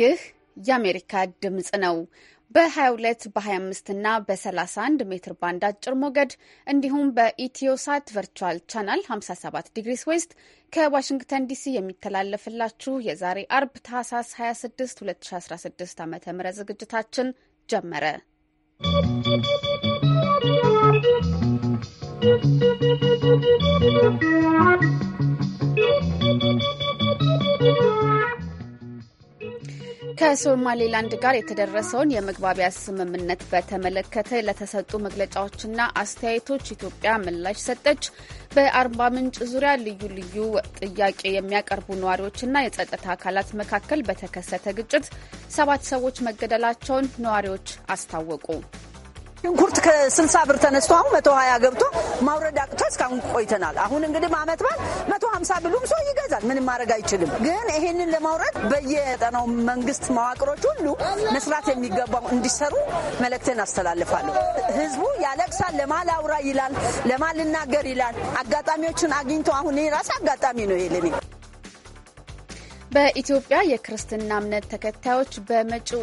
ይህ የአሜሪካ ድምፅ ነው። በ22 በ25 እና በ31 ሜትር ባንድ አጭር ሞገድ እንዲሁም በኢትዮሳት ቨርቹዋል ቻናል 57 ዲግሪስ ዌስት ከዋሽንግተን ዲሲ የሚተላለፍላችሁ የዛሬ አርብ ታህሳስ 26 2016 ዓ ም ዝግጅታችን ጀመረ። Thank you. ከሶማሌላንድ ጋር የተደረሰውን የመግባቢያ ስምምነት በተመለከተ ለተሰጡ መግለጫዎችና አስተያየቶች ኢትዮጵያ ምላሽ ሰጠች። በአርባ ምንጭ ዙሪያ ልዩ ልዩ ጥያቄ የሚያቀርቡ ነዋሪዎችና የጸጥታ አካላት መካከል በተከሰተ ግጭት ሰባት ሰዎች መገደላቸውን ነዋሪዎች አስታወቁ። ሽንኩርት ከስልሳ ብር ተነስቶ አሁን መቶ ሀያ ገብቶ ማውረድ አቅቶ እስካሁን ቆይተናል። አሁን እንግዲህ አመት በዓል መቶ ሀምሳ ብሉም ሰው ይገዛል። ምንም ማድረግ አይችልም። ግን ይሄንን ለማውረድ በየጠናው መንግስት መዋቅሮች ሁሉ መስራት የሚገባው እንዲሰሩ መልእክትን አስተላልፋለሁ። ህዝቡ ያለቅሳል፣ ለማል አውራ ይላል፣ ለማል ልናገር ይላል። አጋጣሚዎችን አግኝቶ አሁን ራሴ አጋጣሚ ነው ይሄ በኢትዮጵያ የክርስትና እምነት ተከታዮች በመጪው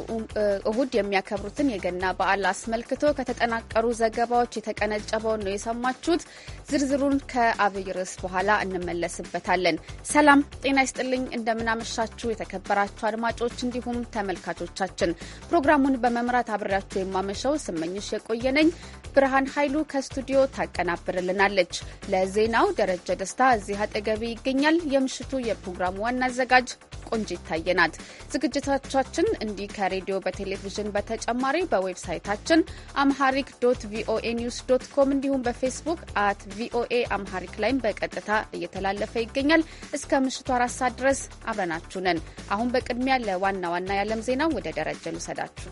እሁድ የሚያከብሩትን የገና በዓል አስመልክቶ ከተጠናቀሩ ዘገባዎች የተቀነጨበውን ነው የሰማችሁት። ዝርዝሩን ከአብይ ርዕስ በኋላ እንመለስበታለን። ሰላም ጤና ይስጥልኝ። እንደምናመሻችሁ የተከበራችሁ አድማጮች እንዲሁም ተመልካቾቻችን። ፕሮግራሙን በመምራት አብሬያችሁ የማመሸው ስመኝሽ የቆየነኝ ብርሃን ኃይሉ ከስቱዲዮ ታቀናብርልናለች። ለዜናው ደረጀ ደስታ እዚህ አጠገቤ ይገኛል። የምሽቱ የፕሮግራሙ ዋና አዘጋጅ ቆንጂ ይታየናት። ዝግጅቶቻችን እንዲህ ከሬዲዮ በቴሌቪዥን በተጨማሪ በዌብሳይታችን አምሃሪክ ዶት ቪኦኤ ኒውስ ዶት ኮም እንዲሁም በፌስቡክ አት ቪኦኤ አምሃሪክ ላይም በቀጥታ እየተላለፈ ይገኛል። እስከ ምሽቱ አራት ሰዓት ድረስ አብረናችሁ ነን። አሁን በቅድሚያ ለዋና ዋና የዓለም ዜና ወደ ደረጀ ልውሰዳችሁ።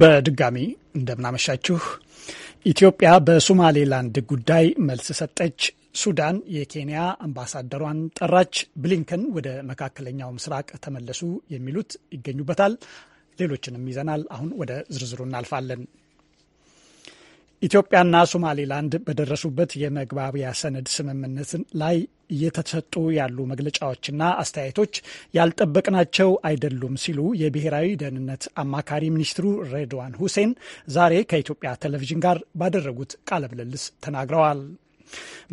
በድጋሚ እንደምናመሻችሁ። ኢትዮጵያ በሶማሌላንድ ጉዳይ መልስ ሰጠች። ሱዳን የኬንያ አምባሳደሯን ጠራች። ብሊንከን ወደ መካከለኛው ምስራቅ ተመለሱ የሚሉት ይገኙበታል። ሌሎችንም ይዘናል። አሁን ወደ ዝርዝሩ እናልፋለን። ኢትዮጵያና ሶማሌላንድ በደረሱበት የመግባቢያ ሰነድ ስምምነት ላይ እየተሰጡ ያሉ መግለጫዎችና አስተያየቶች ያልጠበቅናቸው አይደሉም ሲሉ የብሔራዊ ደህንነት አማካሪ ሚኒስትሩ ሬድዋን ሁሴን ዛሬ ከኢትዮጵያ ቴሌቪዥን ጋር ባደረጉት ቃለ ምልልስ ተናግረዋል።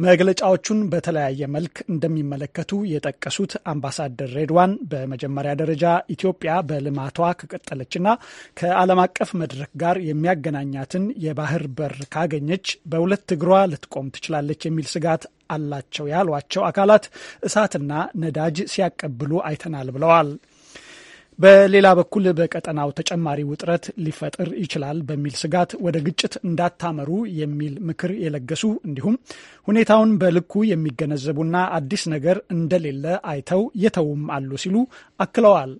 መግለጫዎቹን በተለያየ መልክ እንደሚመለከቱ የጠቀሱት አምባሳደር ሬድዋን በመጀመሪያ ደረጃ ኢትዮጵያ በልማቷ ከቀጠለችና ከዓለም አቀፍ መድረክ ጋር የሚያገናኛትን የባህር በር ካገኘች በሁለት እግሯ ልትቆም ትችላለች የሚል ስጋት አላቸው ያሏቸው አካላት እሳትና ነዳጅ ሲያቀብሉ አይተናል ብለዋል። በሌላ በኩል በቀጠናው ተጨማሪ ውጥረት ሊፈጥር ይችላል በሚል ስጋት ወደ ግጭት እንዳታመሩ የሚል ምክር የለገሱ እንዲሁም ሁኔታውን በልኩ የሚገነዘቡና አዲስ ነገር እንደሌለ አይተው የተውም አሉ ሲሉ አክለዋል።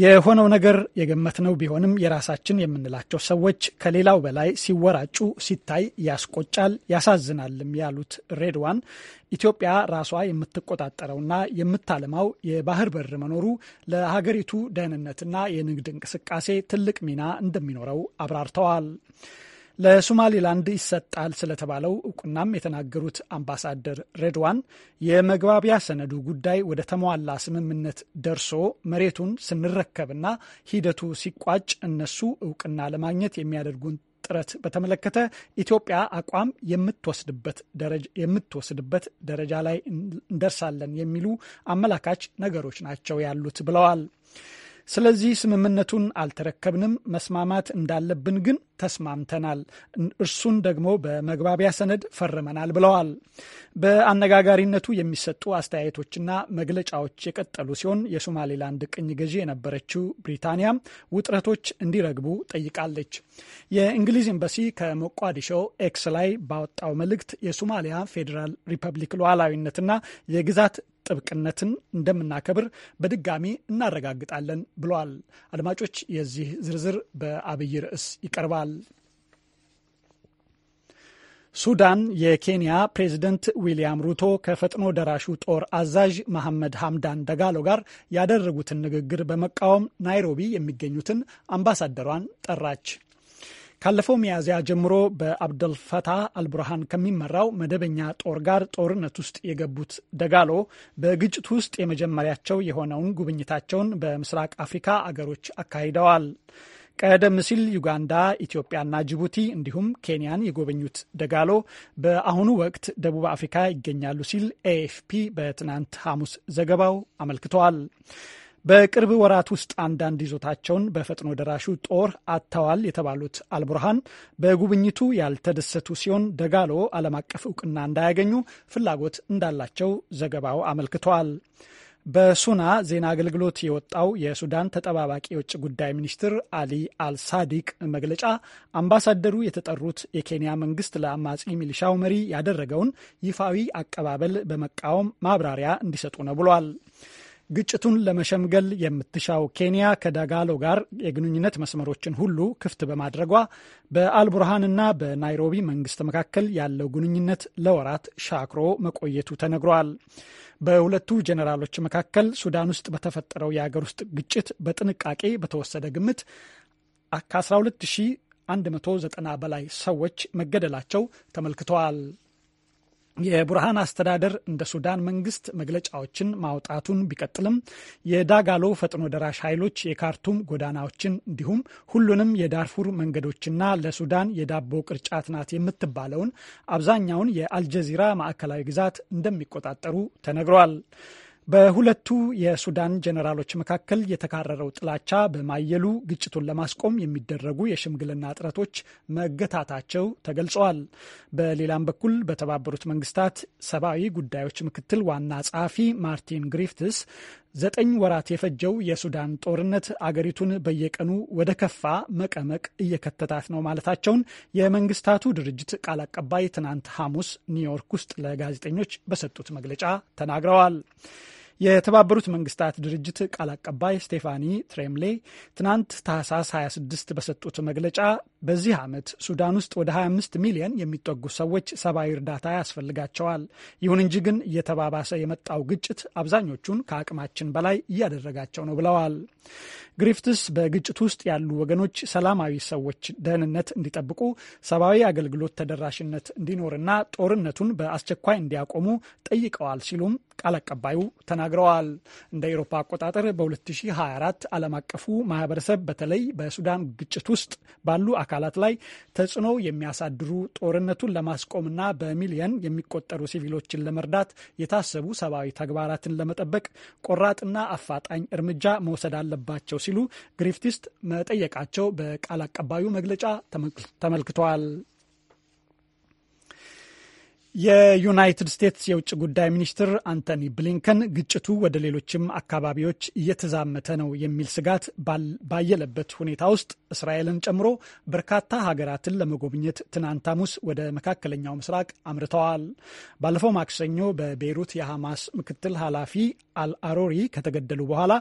የሆነው ነገር የገመትነው ቢሆንም የራሳችን የምንላቸው ሰዎች ከሌላው በላይ ሲወራጩ ሲታይ ያስቆጫል፣ ያሳዝናልም ያሉት ሬድዋን ኢትዮጵያ ራሷ የምትቆጣጠረውና የምታለማው የባህር በር መኖሩ ለሀገሪቱ ደህንነትና የንግድ እንቅስቃሴ ትልቅ ሚና እንደሚኖረው አብራርተዋል። ለሶማሊላንድ ይሰጣል ስለተባለው እውቅናም የተናገሩት አምባሳደር ሬድዋን የመግባቢያ ሰነዱ ጉዳይ ወደ ተሟላ ስምምነት ደርሶ መሬቱን ስንረከብና ሂደቱ ሲቋጭ እነሱ እውቅና ለማግኘት የሚያደርጉን ጥረት በተመለከተ ኢትዮጵያ አቋም የምትወስድበት ደረጃ ላይ እንደርሳለን የሚሉ አመላካች ነገሮች ናቸው ያሉት ብለዋል። ስለዚህ ስምምነቱን አልተረከብንም፣ መስማማት እንዳለብን ግን ተስማምተናል፣ እርሱን ደግሞ በመግባቢያ ሰነድ ፈርመናል ብለዋል። በአነጋጋሪነቱ የሚሰጡ አስተያየቶችና መግለጫዎች የቀጠሉ ሲሆን የሶማሌላንድ ቅኝ ገዢ የነበረችው ብሪታንያ ውጥረቶች እንዲረግቡ ጠይቃለች። የእንግሊዝ ኤምባሲ ከሞቃዲሾ ኤክስ ላይ ባወጣው መልእክት የሶማሊያ ፌዴራል ሪፐብሊክ ሉዓላዊነትና የግዛት ጥብቅነትን እንደምናከብር በድጋሚ እናረጋግጣለን ብለዋል። አድማጮች፣ የዚህ ዝርዝር በአብይ ርዕስ ይቀርባል። ተናግረዋል። ሱዳን የኬንያ ፕሬዝደንት ዊልያም ሩቶ ከፈጥኖ ደራሹ ጦር አዛዥ መሐመድ ሐምዳን ደጋሎ ጋር ያደረጉትን ንግግር በመቃወም ናይሮቢ የሚገኙትን አምባሳደሯን ጠራች። ካለፈው ሚያዝያ ጀምሮ በአብደልፈታህ አልቡርሃን ከሚመራው መደበኛ ጦር ጋር ጦርነት ውስጥ የገቡት ደጋሎ በግጭቱ ውስጥ የመጀመሪያቸው የሆነውን ጉብኝታቸውን በምስራቅ አፍሪካ አገሮች አካሂደዋል። ቀደም ሲል ዩጋንዳ፣ ኢትዮጵያና ጅቡቲ እንዲሁም ኬንያን የጎበኙት ደጋሎ በአሁኑ ወቅት ደቡብ አፍሪካ ይገኛሉ ሲል ኤኤፍፒ በትናንት ሐሙስ ዘገባው አመልክተዋል። በቅርብ ወራት ውስጥ አንዳንድ ይዞታቸውን በፈጥኖ ደራሹ ጦር አጥተዋል የተባሉት አልቡርሃን በጉብኝቱ ያልተደሰቱ ሲሆን ደጋሎ ዓለም አቀፍ እውቅና እንዳያገኙ ፍላጎት እንዳላቸው ዘገባው አመልክተዋል። በሱና ዜና አገልግሎት የወጣው የሱዳን ተጠባባቂ የውጭ ጉዳይ ሚኒስትር አሊ አልሳዲቅ መግለጫ አምባሳደሩ የተጠሩት የኬንያ መንግስት ለአማጺ ሚሊሻው መሪ ያደረገውን ይፋዊ አቀባበል በመቃወም ማብራሪያ እንዲሰጡ ነው ብሏል። ግጭቱን ለመሸምገል የምትሻው ኬንያ ከዳጋሎ ጋር የግንኙነት መስመሮችን ሁሉ ክፍት በማድረጓ በአልቡርሃንና በናይሮቢ መንግስት መካከል ያለው ግንኙነት ለወራት ሻክሮ መቆየቱ ተነግሯል። በሁለቱ ጀኔራሎች መካከል ሱዳን ውስጥ በተፈጠረው የአገር ውስጥ ግጭት በጥንቃቄ በተወሰደ ግምት ከ12190 በላይ ሰዎች መገደላቸው ተመልክተዋል። የቡርሃን አስተዳደር እንደ ሱዳን መንግስት መግለጫዎችን ማውጣቱን ቢቀጥልም የዳጋሎ ፈጥኖ ደራሽ ኃይሎች የካርቱም ጎዳናዎችን እንዲሁም ሁሉንም የዳርፉር መንገዶችና ለሱዳን የዳቦ ቅርጫት ናት የምትባለውን አብዛኛውን የአልጀዚራ ማዕከላዊ ግዛት እንደሚቆጣጠሩ ተነግሯል። በሁለቱ የሱዳን ጀኔራሎች መካከል የተካረረው ጥላቻ በማየሉ ግጭቱን ለማስቆም የሚደረጉ የሽምግልና ጥረቶች መገታታቸው ተገልጸዋል። በሌላም በኩል በተባበሩት መንግስታት ሰብአዊ ጉዳዮች ምክትል ዋና ጸሐፊ ማርቲን ግሪፍትስ ዘጠኝ ወራት የፈጀው የሱዳን ጦርነት አገሪቱን በየቀኑ ወደ ከፋ መቀመቅ እየከተታት ነው ማለታቸውን የመንግስታቱ ድርጅት ቃል አቀባይ ትናንት ሐሙስ ኒውዮርክ ውስጥ ለጋዜጠኞች በሰጡት መግለጫ ተናግረዋል። የተባበሩት መንግስታት ድርጅት ቃል አቀባይ ስቴፋኒ ትሬምሌ ትናንት ታህሳስ 26 በሰጡት መግለጫ በዚህ ዓመት ሱዳን ውስጥ ወደ 25 ሚሊዮን የሚጠጉ ሰዎች ሰብአዊ እርዳታ ያስፈልጋቸዋል። ይሁን እንጂ ግን እየተባባሰ የመጣው ግጭት አብዛኞቹን ከአቅማችን በላይ እያደረጋቸው ነው ብለዋል። ግሪፍትስ በግጭት ውስጥ ያሉ ወገኖች ሰላማዊ ሰዎች ደህንነት እንዲጠብቁ፣ ሰብአዊ አገልግሎት ተደራሽነት እንዲኖርና ጦርነቱን በአስቸኳይ እንዲያቆሙ ጠይቀዋል ሲሉም ቃል አቀባዩ ተናግረዋል። እንደ ኤሮፓ አቆጣጠር በ2024 ዓለም አቀፉ ማህበረሰብ በተለይ በሱዳን ግጭት ውስጥ ባሉ አካላት ላይ ተጽዕኖ የሚያሳድሩ ጦርነቱን ለማስቆምና በሚሊየን የሚቆጠሩ ሲቪሎችን ለመርዳት የታሰቡ ሰብአዊ ተግባራትን ለመጠበቅ ቆራጥና አፋጣኝ እርምጃ መውሰድ አለባቸው ሲሉ ግሪፍቲስት መጠየቃቸው በቃል አቀባዩ መግለጫ ተመልክተዋል። የዩናይትድ ስቴትስ የውጭ ጉዳይ ሚኒስትር አንቶኒ ብሊንከን ግጭቱ ወደ ሌሎችም አካባቢዎች እየተዛመተ ነው የሚል ስጋት ባየለበት ሁኔታ ውስጥ እስራኤልን ጨምሮ በርካታ ሀገራትን ለመጎብኘት ትናንት ሐሙስ ወደ መካከለኛው ምስራቅ አምርተዋል። ባለፈው ማክሰኞ በቤይሩት የሐማስ ምክትል ኃላፊ አልአሮሪ ከተገደሉ በኋላ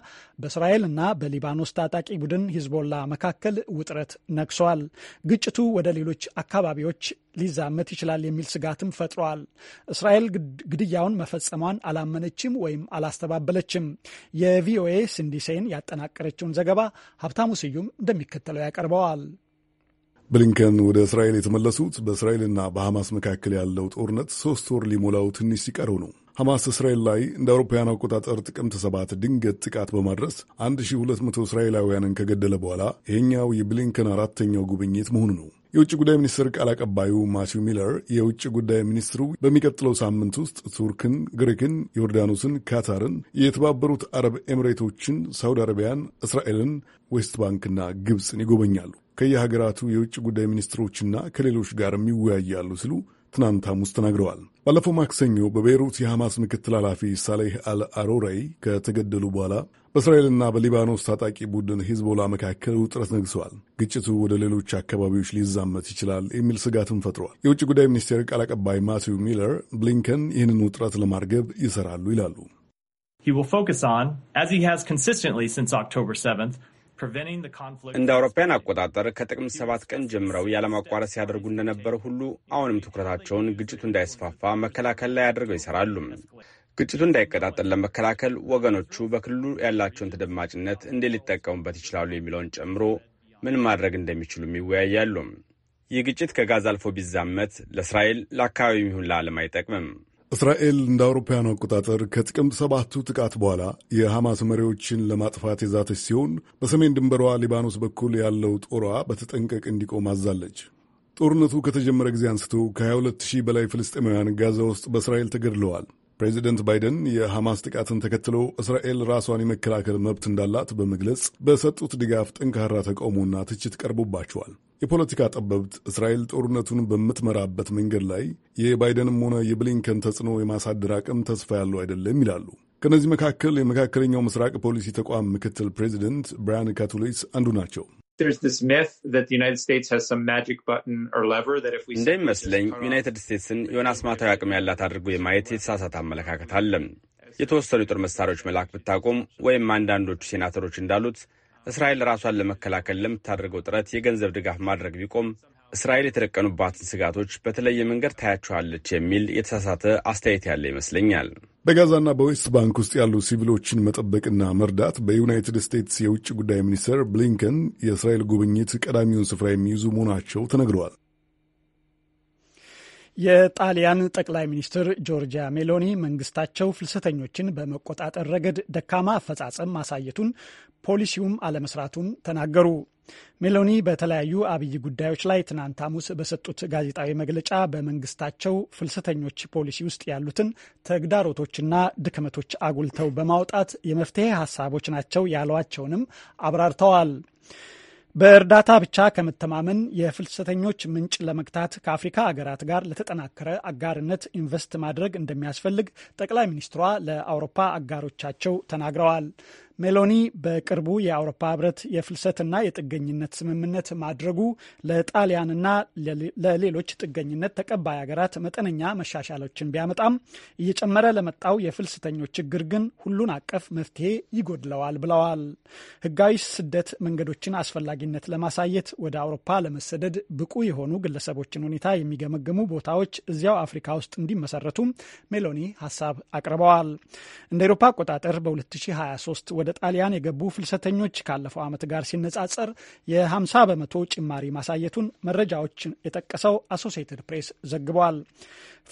በእስራኤል እና በሊባኖስ ታጣቂ ቡድን ሂዝቦላ መካከል ውጥረት ነግሷል። ግጭቱ ወደ ሌሎች አካባቢዎች ሊዛመት ይችላል የሚል ስጋትም ፈጥሯል። እስራኤል ግድያውን መፈጸሟን አላመነችም ወይም አላስተባበለችም። የቪኦኤ ስንዲሴን ያጠናቀረችውን ዘገባ ሀብታሙ ስዩም እንደሚከተለው ያቀርበዋል። ብሊንከን ወደ እስራኤል የተመለሱት በእስራኤልና በሐማስ መካከል ያለው ጦርነት ሶስት ወር ሊሞላው ትንሽ ሲቀረው ነው። ሐማስ እስራኤል ላይ እንደ አውሮፓውያን አቆጣጠር ጥቅምት ሰባት ድንገት ጥቃት በማድረስ 1200 እስራኤላውያንን ከገደለ በኋላ ይሄኛው የብሊንከን አራተኛው ጉብኝት መሆኑ ነው። የውጭ ጉዳይ ሚኒስትር ቃል አቀባዩ ማቲው ሚለር የውጭ ጉዳይ ሚኒስትሩ በሚቀጥለው ሳምንት ውስጥ ቱርክን፣ ግሪክን፣ ዮርዳኖስን፣ ካታርን፣ የተባበሩት አረብ ኤምሬቶችን፣ ሳውዲ አረቢያን፣ እስራኤልን፣ ዌስት ባንክና ግብፅን ይጎበኛሉ። ከየሀገራቱ የውጭ ጉዳይ ሚኒስትሮችና ከሌሎች ጋርም ይወያያሉ ሲሉ ትናንት ሐሙስ ተናግረዋል። ባለፈው ማክሰኞ በቤይሩት የሐማስ ምክትል ኃላፊ ሳሌህ አል ከተገደሉ በኋላ በእስራኤልና በሊባኖስ ታጣቂ ቡድን ሂዝቦላ መካከል ውጥረት ነግሰዋል። ግጭቱ ወደ ሌሎች አካባቢዎች ሊዛመት ይችላል የሚል ስጋትም ፈጥሯል። የውጭ ጉዳይ ሚኒስቴር ቃል አቀባይ ማቲው ሚለር ብሊንከን ይህንን ውጥረት ለማርገብ ይሰራሉ ይላሉ። He will focus on, as he has consistently since October 7th, እንደ አውሮፓውያን አቆጣጠር ከጥቅምት ሰባት ቀን ጀምረው ያለማቋረጥ ሲያደርጉ እንደነበረ ሁሉ አሁንም ትኩረታቸውን ግጭቱ እንዳይስፋፋ መከላከል ላይ አድርገው ይሰራሉ። ግጭቱ እንዳይቀጣጠል ለመከላከል ወገኖቹ በክልሉ ያላቸውን ተደማጭነት እንዴት ሊጠቀሙበት ይችላሉ የሚለውን ጨምሮ ምን ማድረግ እንደሚችሉም ይወያያሉ። ይህ ግጭት ከጋዛ አልፎ ቢዛመት ለእስራኤል ለአካባቢ ይሁን ለዓለም አይጠቅምም። እስራኤል እንደ አውሮፓውያኑ አቆጣጠር ከጥቅምት ሰባቱ ጥቃት በኋላ የሐማስ መሪዎችን ለማጥፋት የዛተች ሲሆን በሰሜን ድንበሯ ሊባኖስ በኩል ያለው ጦሯ በተጠንቀቅ እንዲቆም አዛለች። ጦርነቱ ከተጀመረ ጊዜ አንስቶ ከ22 ሺህ በላይ ፍልስጤማውያን ጋዛ ውስጥ በእስራኤል ተገድለዋል። ፕሬዚደንት ባይደን የሐማስ ጥቃትን ተከትሎ እስራኤል ራሷን የመከላከል መብት እንዳላት በመግለጽ በሰጡት ድጋፍ ጠንካራ ተቃውሞና ትችት ቀርቦባቸዋል። የፖለቲካ ጠበብት እስራኤል ጦርነቱን በምትመራበት መንገድ ላይ የባይደንም ሆነ የብሊንከን ተጽዕኖ የማሳደር አቅም ተስፋ ያለው አይደለም ይላሉ። ከእነዚህ መካከል የመካከለኛው ምስራቅ ፖሊሲ ተቋም ምክትል ፕሬዚደንት ብራያን ካቱሊስ አንዱ ናቸው። እንደሚመስለኝ ዩናይትድ ስቴትስን የሆነ አስማታዊ አቅም ያላት አድርጎ የማየት የተሳሳተ አመለካከት አለ። የተወሰኑ የጦር መሳሪያዎች መላክ ብታቆም ወይም አንዳንዶቹ ሴናተሮች እንዳሉት እስራኤል ራሷን ለመከላከል ለምታደርገው ጥረት የገንዘብ ድጋፍ ማድረግ ቢቆም እስራኤል የተደቀኑባትን ስጋቶች በተለየ መንገድ ታያቸዋለች የሚል የተሳሳተ አስተያየት ያለ ይመስለኛል። በጋዛና በዌስት ባንክ ውስጥ ያሉ ሲቪሎችን መጠበቅና መርዳት በዩናይትድ ስቴትስ የውጭ ጉዳይ ሚኒስትር ብሊንከን የእስራኤል ጉብኝት ቀዳሚውን ስፍራ የሚይዙ መሆናቸው ተነግረዋል። የጣሊያን ጠቅላይ ሚኒስትር ጆርጂያ ሜሎኒ መንግስታቸው ፍልሰተኞችን በመቆጣጠር ረገድ ደካማ አፈጻጸም ማሳየቱን፣ ፖሊሲውም አለመስራቱን ተናገሩ። ሜሎኒ በተለያዩ አብይ ጉዳዮች ላይ ትናንት ሐሙስ በሰጡት ጋዜጣዊ መግለጫ በመንግስታቸው ፍልሰተኞች ፖሊሲ ውስጥ ያሉትን ተግዳሮቶችና ድክመቶች አጉልተው በማውጣት የመፍትሄ ሀሳቦች ናቸው ያሏቸውንም አብራርተዋል። በእርዳታ ብቻ ከመተማመን የፍልሰተኞች ምንጭ ለመግታት ከአፍሪካ አገራት ጋር ለተጠናከረ አጋርነት ኢንቨስት ማድረግ እንደሚያስፈልግ ጠቅላይ ሚኒስትሯ ለአውሮፓ አጋሮቻቸው ተናግረዋል። ሜሎኒ በቅርቡ የአውሮፓ ህብረት የፍልሰትና የጥገኝነት ስምምነት ማድረጉ ለጣሊያንና ለሌሎች ጥገኝነት ተቀባይ ሀገራት መጠነኛ መሻሻሎችን ቢያመጣም እየጨመረ ለመጣው የፍልሰተኞች ችግር ግን ሁሉን አቀፍ መፍትሄ ይጎድለዋል ብለዋል። ህጋዊ ስደት መንገዶችን አስፈላጊነት ለማሳየት ወደ አውሮፓ ለመሰደድ ብቁ የሆኑ ግለሰቦችን ሁኔታ የሚገመግሙ ቦታዎች እዚያው አፍሪካ ውስጥ እንዲመሰረቱም ሜሎኒ ሀሳብ አቅርበዋል። እንደ አውሮፓ አቆጣጠር በ2023 ወደ ጣሊያን የገቡ ፍልሰተኞች ካለፈው ዓመት ጋር ሲነጻጸር የ50 በመቶ ጭማሪ ማሳየቱን መረጃዎችን የጠቀሰው አሶሴትድ ፕሬስ ዘግቧል።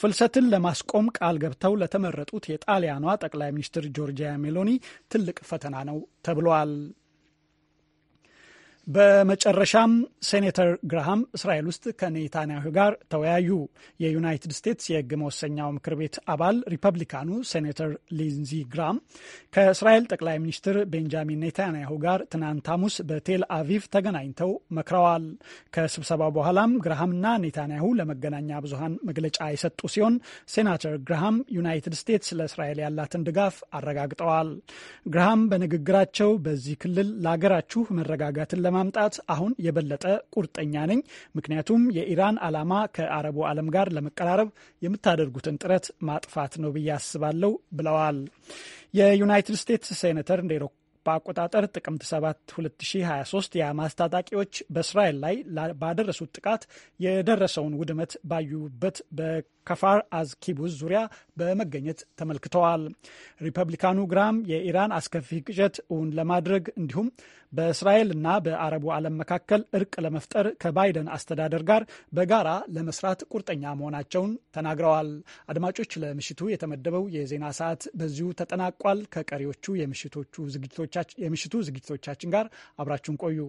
ፍልሰትን ለማስቆም ቃል ገብተው ለተመረጡት የጣሊያኗ ጠቅላይ ሚኒስትር ጆርጂያ ሜሎኒ ትልቅ ፈተና ነው ተብሏል። በመጨረሻም ሴኔተር ግርሃም እስራኤል ውስጥ ከኔታንያሁ ጋር ተወያዩ። የዩናይትድ ስቴትስ የህግ መወሰኛው ምክር ቤት አባል ሪፐብሊካኑ ሴኔተር ሊንዚ ግራም ከእስራኤል ጠቅላይ ሚኒስትር ቤንጃሚን ኔታንያሁ ጋር ትናንት ሐሙስ በቴል አቪቭ ተገናኝተው መክረዋል። ከስብሰባው በኋላም ግርሃምና ኔታንያሁ ለመገናኛ ብዙሃን መግለጫ የሰጡ ሲሆን ሴናተር ግርሃም ዩናይትድ ስቴትስ ለእስራኤል ያላትን ድጋፍ አረጋግጠዋል። ግርሃም በንግግራቸው በዚህ ክልል ለሀገራችሁ መረጋጋትን ለማምጣት አሁን የበለጠ ቁርጠኛ ነኝ፣ ምክንያቱም የኢራን ዓላማ ከአረቡ ዓለም ጋር ለመቀራረብ የምታደርጉትን ጥረት ማጥፋት ነው ብዬ አስባለሁ ብለዋል። የዩናይትድ ስቴትስ ሴኔተር እንደ በአቆጣጠር ጥቅምት 7 2023 የሐማስ ታጣቂዎች በእስራኤል ላይ ባደረሱት ጥቃት የደረሰውን ውድመት ባዩበት ከፋር አዝ ኪቡዝ ዙሪያ በመገኘት ተመልክተዋል። ሪፐብሊካኑ ግራም የኢራን አስከፊ ግጭት እውን ለማድረግ እንዲሁም በእስራኤልና በአረቡ ዓለም መካከል እርቅ ለመፍጠር ከባይደን አስተዳደር ጋር በጋራ ለመስራት ቁርጠኛ መሆናቸውን ተናግረዋል። አድማጮች፣ ለምሽቱ የተመደበው የዜና ሰዓት በዚሁ ተጠናቋል። ከቀሪዎቹ የምሽቱ ዝግጅቶቻችን ጋር አብራችሁን ቆዩ።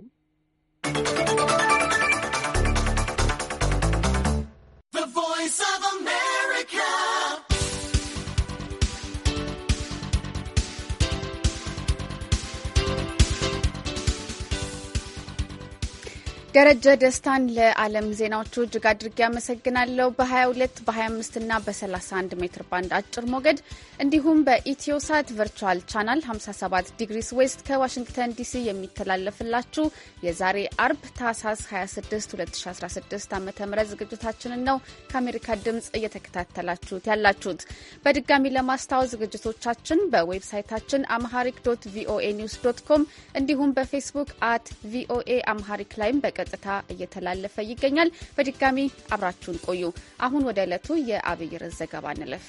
ደረጀ ደስታን ለዓለም ዜናዎቹ እጅግ አድርጌ አመሰግናለሁ። በ22 በ25 እና በ31 ሜትር ባንድ አጭር ሞገድ እንዲሁም በኢትዮሳት ቨርቹዋል ቻናል 57 ዲግሪስ ዌስት ከዋሽንግተን ዲሲ የሚተላለፍላችሁ የዛሬ አርብ ታህሳስ 26 2016 ዓ ም ዝግጅታችንን ነው ከአሜሪካ ድምፅ እየተከታተላችሁት ያላችሁት። በድጋሚ ለማስታወስ ዝግጅቶቻችን በዌብሳይታችን አምሃሪክ ዶት ቪኦኤ ኒውስ ዶት ኮም እንዲሁም በፌስቡክ አት ቪኦኤ አምሃሪክ ላይም በቀ በቀጥታ እየተላለፈ ይገኛል። በድጋሚ አብራችሁን ቆዩ። አሁን ወደ ዕለቱ የአብይ ርዕስ ዘገባ እንለፍ።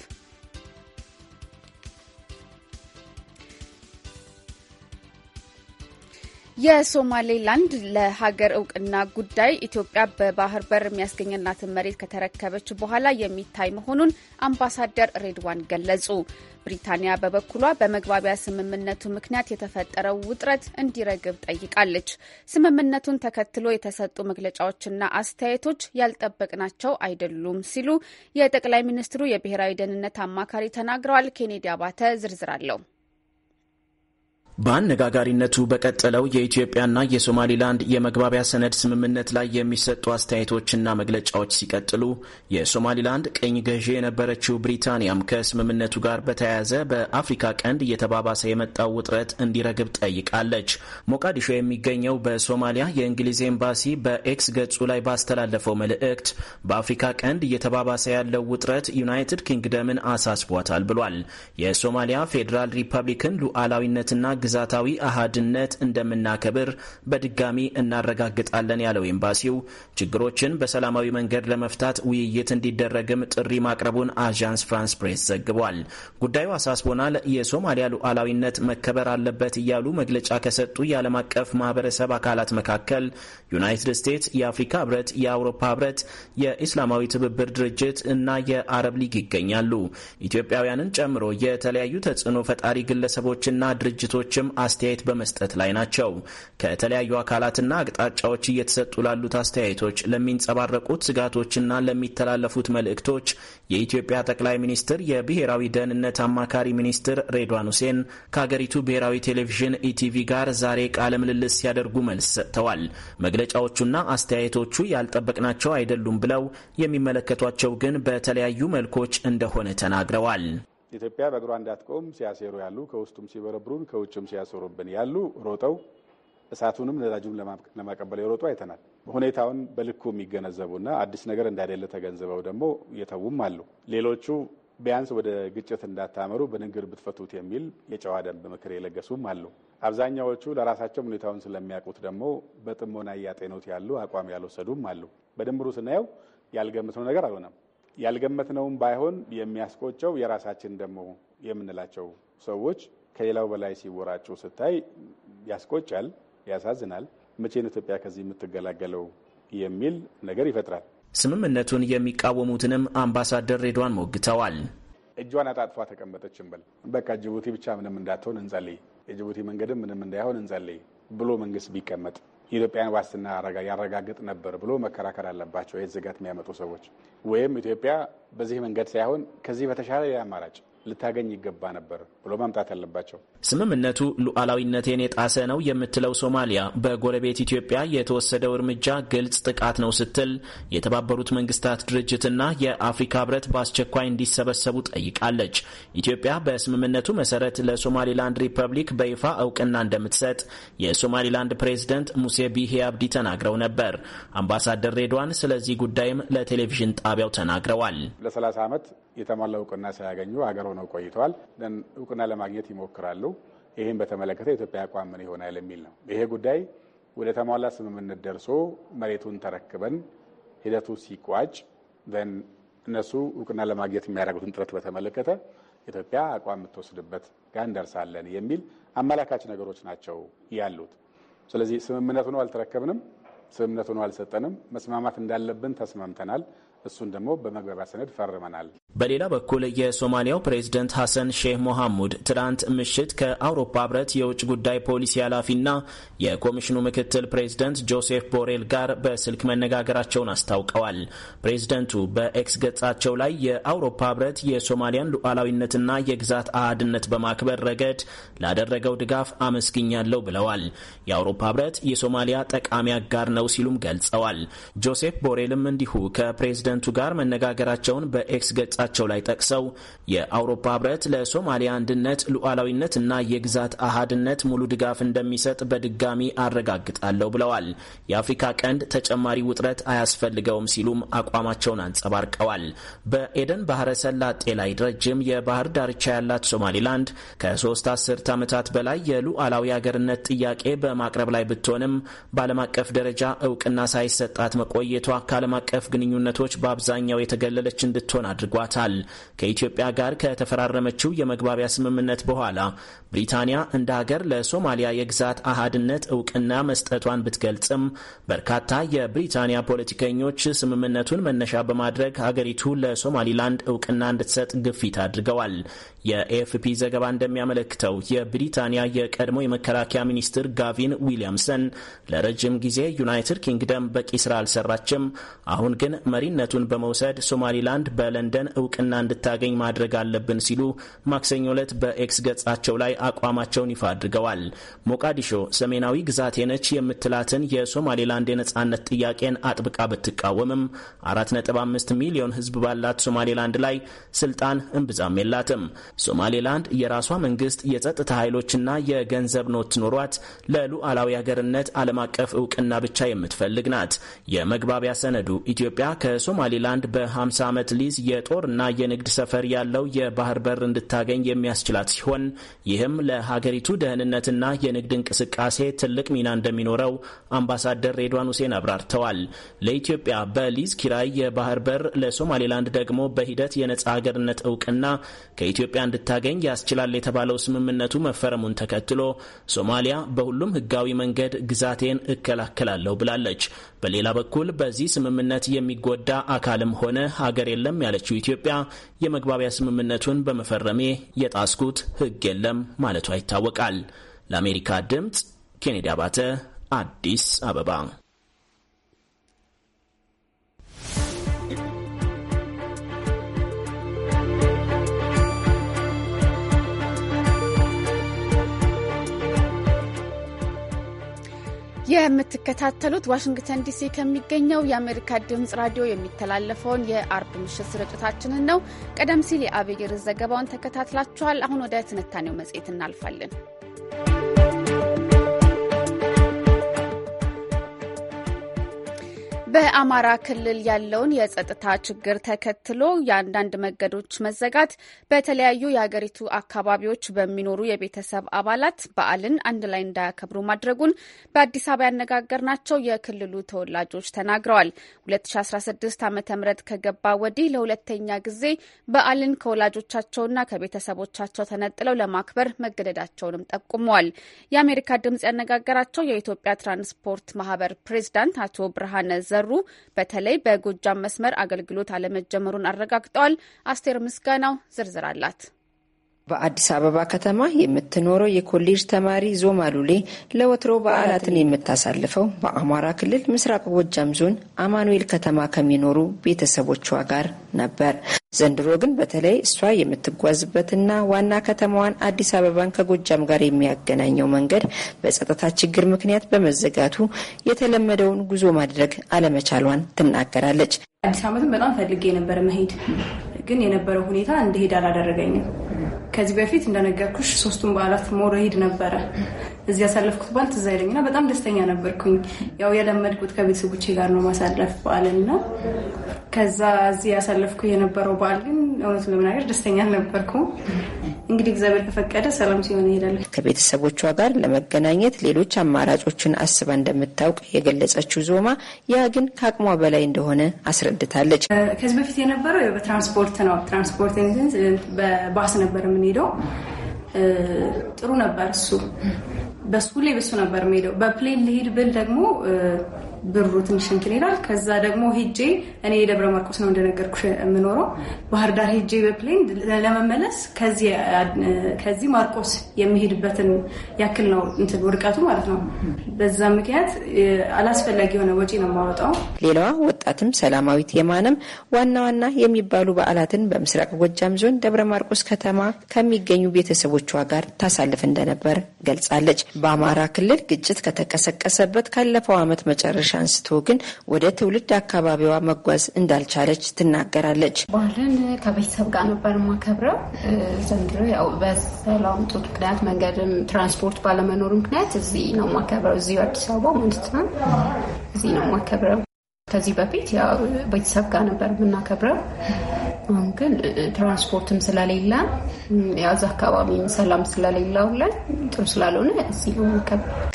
የሶማሌላንድ ለሀገር እውቅና ጉዳይ ኢትዮጵያ በባህር በር የሚያስገኝናትን መሬት ከተረከበች በኋላ የሚታይ መሆኑን አምባሳደር ሬድዋን ገለጹ። ብሪታንያ በበኩሏ በመግባቢያ ስምምነቱ ምክንያት የተፈጠረው ውጥረት እንዲረግብ ጠይቃለች። ስምምነቱን ተከትሎ የተሰጡ መግለጫዎችና አስተያየቶች ያልጠበቅናቸው አይደሉም ሲሉ የጠቅላይ ሚኒስትሩ የብሔራዊ ደህንነት አማካሪ ተናግረዋል። ኬኔዲ አባተ ዝርዝር አለው። በአነጋጋሪነቱ በቀጠለው የኢትዮጵያና የሶማሊላንድ የመግባቢያ ሰነድ ስምምነት ላይ የሚሰጡ አስተያየቶችና መግለጫዎች ሲቀጥሉ የሶማሊላንድ ቅኝ ገዢ የነበረችው ብሪታንያም ከስምምነቱ ጋር በተያያዘ በአፍሪካ ቀንድ እየተባባሰ የመጣው ውጥረት እንዲረግብ ጠይቃለች። ሞቃዲሾ የሚገኘው በሶማሊያ የእንግሊዝ ኤምባሲ በኤክስ ገጹ ላይ ባስተላለፈው መልእክት በአፍሪካ ቀንድ እየተባባሰ ያለው ውጥረት ዩናይትድ ኪንግደምን አሳስቧታል ብሏል። የሶማሊያ ፌዴራል ሪፐብሊክን ሉዓላዊነትና ግዛታዊ አሃድነት እንደምናከብር በድጋሚ እናረጋግጣለን ያለው ኤምባሲው ችግሮችን በሰላማዊ መንገድ ለመፍታት ውይይት እንዲደረግም ጥሪ ማቅረቡን አዣንስ ፍራንስ ፕሬስ ዘግቧል። ጉዳዩ አሳስቦናል፣ የሶማሊያ ሉዓላዊነት መከበር አለበት እያሉ መግለጫ ከሰጡ የዓለም አቀፍ ማህበረሰብ አካላት መካከል ዩናይትድ ስቴትስ፣ የአፍሪካ ህብረት፣ የአውሮፓ ህብረት፣ የኢስላማዊ ትብብር ድርጅት እና የአረብ ሊግ ይገኛሉ። ኢትዮጵያውያንን ጨምሮ የተለያዩ ተጽዕኖ ፈጣሪ ግለሰቦችና ድርጅቶች ኃላፊዎችም አስተያየት በመስጠት ላይ ናቸው። ከተለያዩ አካላትና አቅጣጫዎች እየተሰጡ ላሉት አስተያየቶች፣ ለሚንጸባረቁት ስጋቶችና ለሚተላለፉት መልእክቶች የኢትዮጵያ ጠቅላይ ሚኒስትር የብሔራዊ ደህንነት አማካሪ ሚኒስትር ሬድዋን ሁሴን ከሀገሪቱ ብሔራዊ ቴሌቪዥን ኢቲቪ ጋር ዛሬ ቃለ ምልልስ ሲያደርጉ መልስ ሰጥተዋል። መግለጫዎቹና አስተያየቶቹ ያልጠበቅናቸው አይደሉም ብለው የሚመለከቷቸው ግን በተለያዩ መልኮች እንደሆነ ተናግረዋል። ኢትዮጵያ በእግሯ እንዳትቆም ሲያሴሩ ያሉ ከውስጡም ሲበረብሩን ከውጭም ሲያሰሩብን ያሉ ሮጠው እሳቱንም ነዳጁን ለማቀበል የሮጡ አይተናል። ሁኔታውን በልኩ የሚገነዘቡና አዲስ ነገር እንዳይደለ ተገንዝበው ደግሞ የተዉም አሉ። ሌሎቹ ቢያንስ ወደ ግጭት እንዳታመሩ በንግግር ብትፈቱት የሚል የጨዋ ደንብ ምክር የለገሱም አሉ። አብዛኛዎቹ ለራሳቸው ሁኔታውን ስለሚያውቁት ደግሞ በጥሞና እያጤኑት ያሉ አቋም ያልወሰዱም አሉ። በድምሩ ስናየው ያልገምትነው ነገር አልሆነም። ያልገመትነውም ባይሆን የሚያስቆጨው የራሳችን ደግሞ የምንላቸው ሰዎች ከሌላው በላይ ሲወራጩ ስታይ ያስቆጫል፣ ያሳዝናል። መቼ ኢትዮጵያ ከዚህ የምትገላገለው የሚል ነገር ይፈጥራል። ስምምነቱን የሚቃወሙትንም አምባሳደር ሬድዋን ሞግተዋል። እጇን አጣጥፏ ተቀመጠች እንበል፣ በቃ ጅቡቲ ብቻ ምንም እንዳትሆን እንጸልይ፣ የጅቡቲ መንገድም ምንም እንዳይሆን እንጸልይ ብሎ መንግስት ቢቀመጥ የኢትዮጵያን ዋስትና ያረጋግጥ ነበር ብሎ መከራከር አለባቸው። የዝጋት የሚያመጡ ሰዎች ወይም ኢትዮጵያ በዚህ መንገድ ሳይሆን ከዚህ በተሻለ አማራጭ ልታገኝ ይገባ ነበር ብሎ ማምጣት አለባቸው። ስምምነቱ ሉዓላዊነቴን የጣሰ ነው የምትለው ሶማሊያ በጎረቤት ኢትዮጵያ የተወሰደው እርምጃ ግልጽ ጥቃት ነው ስትል የተባበሩት መንግስታት ድርጅትና የአፍሪካ ህብረት በአስቸኳይ እንዲሰበሰቡ ጠይቃለች። ኢትዮጵያ በስምምነቱ መሰረት ለሶማሊላንድ ሪፐብሊክ በይፋ እውቅና እንደምትሰጥ የሶማሊላንድ ፕሬዝደንት ሙሴ ቢሄ አብዲ ተናግረው ነበር። አምባሳደር ሬድዋን ስለዚህ ጉዳይም ለቴሌቪዥን ጣቢያው ተናግረዋል። ለሰላሳ ዓመት የተሟላ እውቅና ሳያገኙ አገር ሆነው ቆይተዋል። እውቅና ለማግኘት ይሞክራሉ። ይህም በተመለከተ የኢትዮጵያ አቋም ምን ይሆናል የሚል ነው። ይሄ ጉዳይ ወደ ተሟላ ስምምነት ደርሶ መሬቱን ተረክበን ሂደቱ ሲቋጭ እነሱ እውቅና ለማግኘት የሚያደርጉትን ጥረት በተመለከተ ኢትዮጵያ አቋም የምትወስድበት ጋር እንደርሳለን የሚል አመላካች ነገሮች ናቸው ያሉት። ስለዚህ ስምምነት ሆኖ አልተረከብንም፣ ስምምነት ሆኖ አልሰጠንም። መስማማት እንዳለብን ተስማምተናል። እሱን ደግሞ በመግባቢያ ሰነድ ፈርመናል። በሌላ በኩል የሶማሊያው ፕሬዝደንት ሐሰን ሼህ ሞሐሙድ ትናንት ምሽት ከአውሮፓ ህብረት የውጭ ጉዳይ ፖሊሲ ኃላፊና የኮሚሽኑ ምክትል ፕሬዝደንት ጆሴፍ ቦሬል ጋር በስልክ መነጋገራቸውን አስታውቀዋል። ፕሬዝደንቱ በኤክስ ገጻቸው ላይ የአውሮፓ ህብረት የሶማሊያን ሉዓላዊነትና የግዛት አህድነት በማክበር ረገድ ላደረገው ድጋፍ አመስግኛለሁ ብለዋል። የአውሮፓ ህብረት የሶማሊያ ጠቃሚ አጋር ነው ሲሉም ገልጸዋል። ጆሴፍ ቦሬልም እንዲሁ ከፕሬዝደንቱ ጋር መነጋገራቸውን በኤክስ ገጻ በመግለጻቸው ላይ ጠቅሰው የአውሮፓ ህብረት ለሶማሊያ አንድነት ሉዓላዊነትና የግዛት አሃድነት ሙሉ ድጋፍ እንደሚሰጥ በድጋሚ አረጋግጣለሁ ብለዋል። የአፍሪካ ቀንድ ተጨማሪ ውጥረት አያስፈልገውም ሲሉም አቋማቸውን አንጸባርቀዋል። በኤደን ባህረ ሰላጤ ላይ ረጅም የባህር ዳርቻ ያላት ሶማሊላንድ ከሶስት አስርት ዓመታት በላይ የሉዓላዊ አገርነት ጥያቄ በማቅረብ ላይ ብትሆንም በዓለም አቀፍ ደረጃ እውቅና ሳይሰጣት መቆየቷ ከዓለም አቀፍ ግንኙነቶች በአብዛኛው የተገለለች እንድትሆን አድርጓል። አድርጓታል። ከኢትዮጵያ ጋር ከተፈራረመችው የመግባቢያ ስምምነት በኋላ ብሪታንያ እንደ ሀገር ለሶማሊያ የግዛት አሃድነት እውቅና መስጠቷን ብትገልጽም በርካታ የብሪታንያ ፖለቲከኞች ስምምነቱን መነሻ በማድረግ ሀገሪቱ ለሶማሊላንድ እውቅና እንድትሰጥ ግፊት አድርገዋል። የኤፍፒ ዘገባ እንደሚያመለክተው የብሪታንያ የቀድሞ የመከላከያ ሚኒስትር ጋቪን ዊሊያምሰን ለረጅም ጊዜ ዩናይትድ ኪንግደም በቂ ስራ አልሰራችም፣ አሁን ግን መሪነቱን በመውሰድ ሶማሊላንድ በለንደን እውቅና እንድታገኝ ማድረግ አለብን ሲሉ ማክሰኞ ዕለት በኤክስ ገጻቸው ላይ አቋማቸውን ይፋ አድርገዋል። ሞቃዲሾ ሰሜናዊ ግዛቴ ነች የምትላትን የሶማሌላንድ የነጻነት ጥያቄን አጥብቃ ብትቃወምም 4.5 ሚሊዮን ሕዝብ ባላት ሶማሌላንድ ላይ ስልጣን እምብዛም የላትም። ሶማሌላንድ የራሷ መንግስት፣ የጸጥታ ኃይሎችና የገንዘብ ኖት ኖሯት ለሉዓላዊ ሀገርነት ዓለም አቀፍ እውቅና ብቻ የምትፈልግ ናት። የመግባቢያ ሰነዱ ኢትዮጵያ ከሶማሌላንድ በ50 ዓመት ሊዝ የጦርና የንግድ ሰፈር ያለው የባህር በር እንድታገኝ የሚያስችላት ሲሆን ይህም ለሀገሪቱ ደህንነትና የንግድ እንቅስቃሴ ትልቅ ሚና እንደሚኖረው አምባሳደር ሬድዋን ሁሴን አብራርተዋል። ለኢትዮጵያ በሊዝ ኪራይ የባህር በር፣ ለሶማሌላንድ ደግሞ በሂደት የነጻ ሀገርነት እውቅና ከኢትዮጵያ እንድታገኝ ያስችላል የተባለው ስምምነቱ መፈረሙን ተከትሎ ሶማሊያ በሁሉም ህጋዊ መንገድ ግዛቴን እከላከላለሁ ብላለች። በሌላ በኩል በዚህ ስምምነት የሚጎዳ አካልም ሆነ ሀገር የለም ያለችው ኢትዮጵያ የመግባቢያ ስምምነቱን በመፈረሜ የጣስኩት ህግ የለም ማለቷ ይታወቃል። ለአሜሪካ ድምፅ ኬኔዲ አባተ አዲስ አበባ የምትከታተሉት ዋሽንግተን ዲሲ ከሚገኘው የአሜሪካ ድምፅ ራዲዮ የሚተላለፈውን የአርብ ምሽት ስርጭታችንን ነው። ቀደም ሲል የአብይር ዘገባውን ተከታትላችኋል። አሁን ወደ ትንታኔው መጽሔት እናልፋለን። በአማራ ክልል ያለውን የጸጥታ ችግር ተከትሎ የአንዳንድ መንገዶች መዘጋት በተለያዩ የሀገሪቱ አካባቢዎች በሚኖሩ የቤተሰብ አባላት በዓልን አንድ ላይ እንዳያከብሩ ማድረጉን በአዲስ አበባ ያነጋገርናቸው የክልሉ ተወላጆች ተናግረዋል። 2016 ዓ ም ከገባ ወዲህ ለሁለተኛ ጊዜ በዓልን ከወላጆቻቸውና ከቤተሰቦቻቸው ተነጥለው ለማክበር መገደዳቸውንም ጠቁመዋል። የአሜሪካ ድምጽ ያነጋገራቸው የኢትዮጵያ ትራንስፖርት ማህበር ፕሬዚዳንት አቶ ብርሃነ ዘሩ እየሰሩ በተለይ በጎጃም መስመር አገልግሎት አለመጀመሩን አረጋግጠዋል። አስቴር ምስጋናው ዝርዝር አላት። በአዲስ አበባ ከተማ የምትኖረው የኮሌጅ ተማሪ ዞማ ሉሌ ለወትሮ በዓላትን የምታሳልፈው በአማራ ክልል ምስራቅ ጎጃም ዞን አማኑኤል ከተማ ከሚኖሩ ቤተሰቦቿ ጋር ነበር። ዘንድሮ ግን በተለይ እሷ የምትጓዝበትና ዋና ከተማዋን አዲስ አበባን ከጎጃም ጋር የሚያገናኘው መንገድ በጸጥታ ችግር ምክንያት በመዘጋቱ የተለመደውን ጉዞ ማድረግ አለመቻሏን ትናገራለች። አዲስ ዓመትን በጣም ፈልጌ የነበረ መሄድ ግን የነበረው ሁኔታ እንደሄድ አላደረገኝም። ከዚህ በፊት እንደነገርኩሽ ሶስቱን በዓላት ሞር ሄድ ነበረ እዚህ ያሳለፍኩት በዓል ትዝ አይለኝና በጣም ደስተኛ ነበርኩኝ። ያው የለመድኩት ከቤተሰቦቼ ጋር ነው ማሳለፍ በዓልና ከዛ እዚህ ያሳለፍኩ የነበረው በዓል ግን እውነቱን ለመናገር ደስተኛ አልነበርኩም። እንግዲህ እግዚአብሔር ከፈቀደ ሰላም ሲሆን ይሄዳል። ከቤተሰቦቿ ጋር ለመገናኘት ሌሎች አማራጮችን አስባ እንደምታውቅ የገለጸችው ዞማ ያ ግን ከአቅሟ በላይ እንደሆነ አስረድታለች። ከዚህ በፊት የነበረው በትራንስፖርት ነው። ትራንስፖርት በባስ ነበር የምንሄደው። ጥሩ ነበር እሱ በስኩል ላይ በሱ ነበር የምሄደው። በፕሌን ልሄድ ብል ደግሞ ብሩ ትንሽ እንትን ይላል። ከዛ ደግሞ ሄጄ እኔ የደብረ ማርቆስ ነው እንደነገርኩ የምኖረው ባህር ዳር ሄጄ በፕሌን ለመመለስ ከዚህ ማርቆስ የሚሄድበትን ያክል ነው እንትን ውድቀቱ ማለት ነው። በዛ ምክንያት አላስፈላጊ የሆነ ወጪ ነው የማወጣው። ሌላዋ ወጣትም ሰላማዊት የማነም ዋና ዋና የሚባሉ በዓላትን በምስራቅ ጎጃም ዞን ደብረ ማርቆስ ከተማ ከሚገኙ ቤተሰቦቿ ጋር ታሳልፍ እንደነበር ገልጻለች። በአማራ ክልል ግጭት ከተቀሰቀሰበት ካለፈው ዓመት መጨረሻ አንስቶ ግን ወደ ትውልድ አካባቢዋ መጓዝ እንዳልቻለች ትናገራለች። ባህልን ከቤተሰብ ጋር ነበር የማከብረው። ዘንድሮ ያው በሰላም ምክንያት መንገድም ትራንስፖርት ባለመኖሩ ምክንያት እዚህ ነው ማከብረው። እዚሁ አዲስ አበባ ማለት ነው። እዚህ ነው ማከብረው። ከዚህ በፊት ያው ቤተሰብ ጋር ነበር የምናከብረው አሁን ግን ትራንስፖርትም ስለሌለ ያዛ አካባቢ ሰላም ስለሌለ ላይ ጥሩ ስላልሆነ እዚህ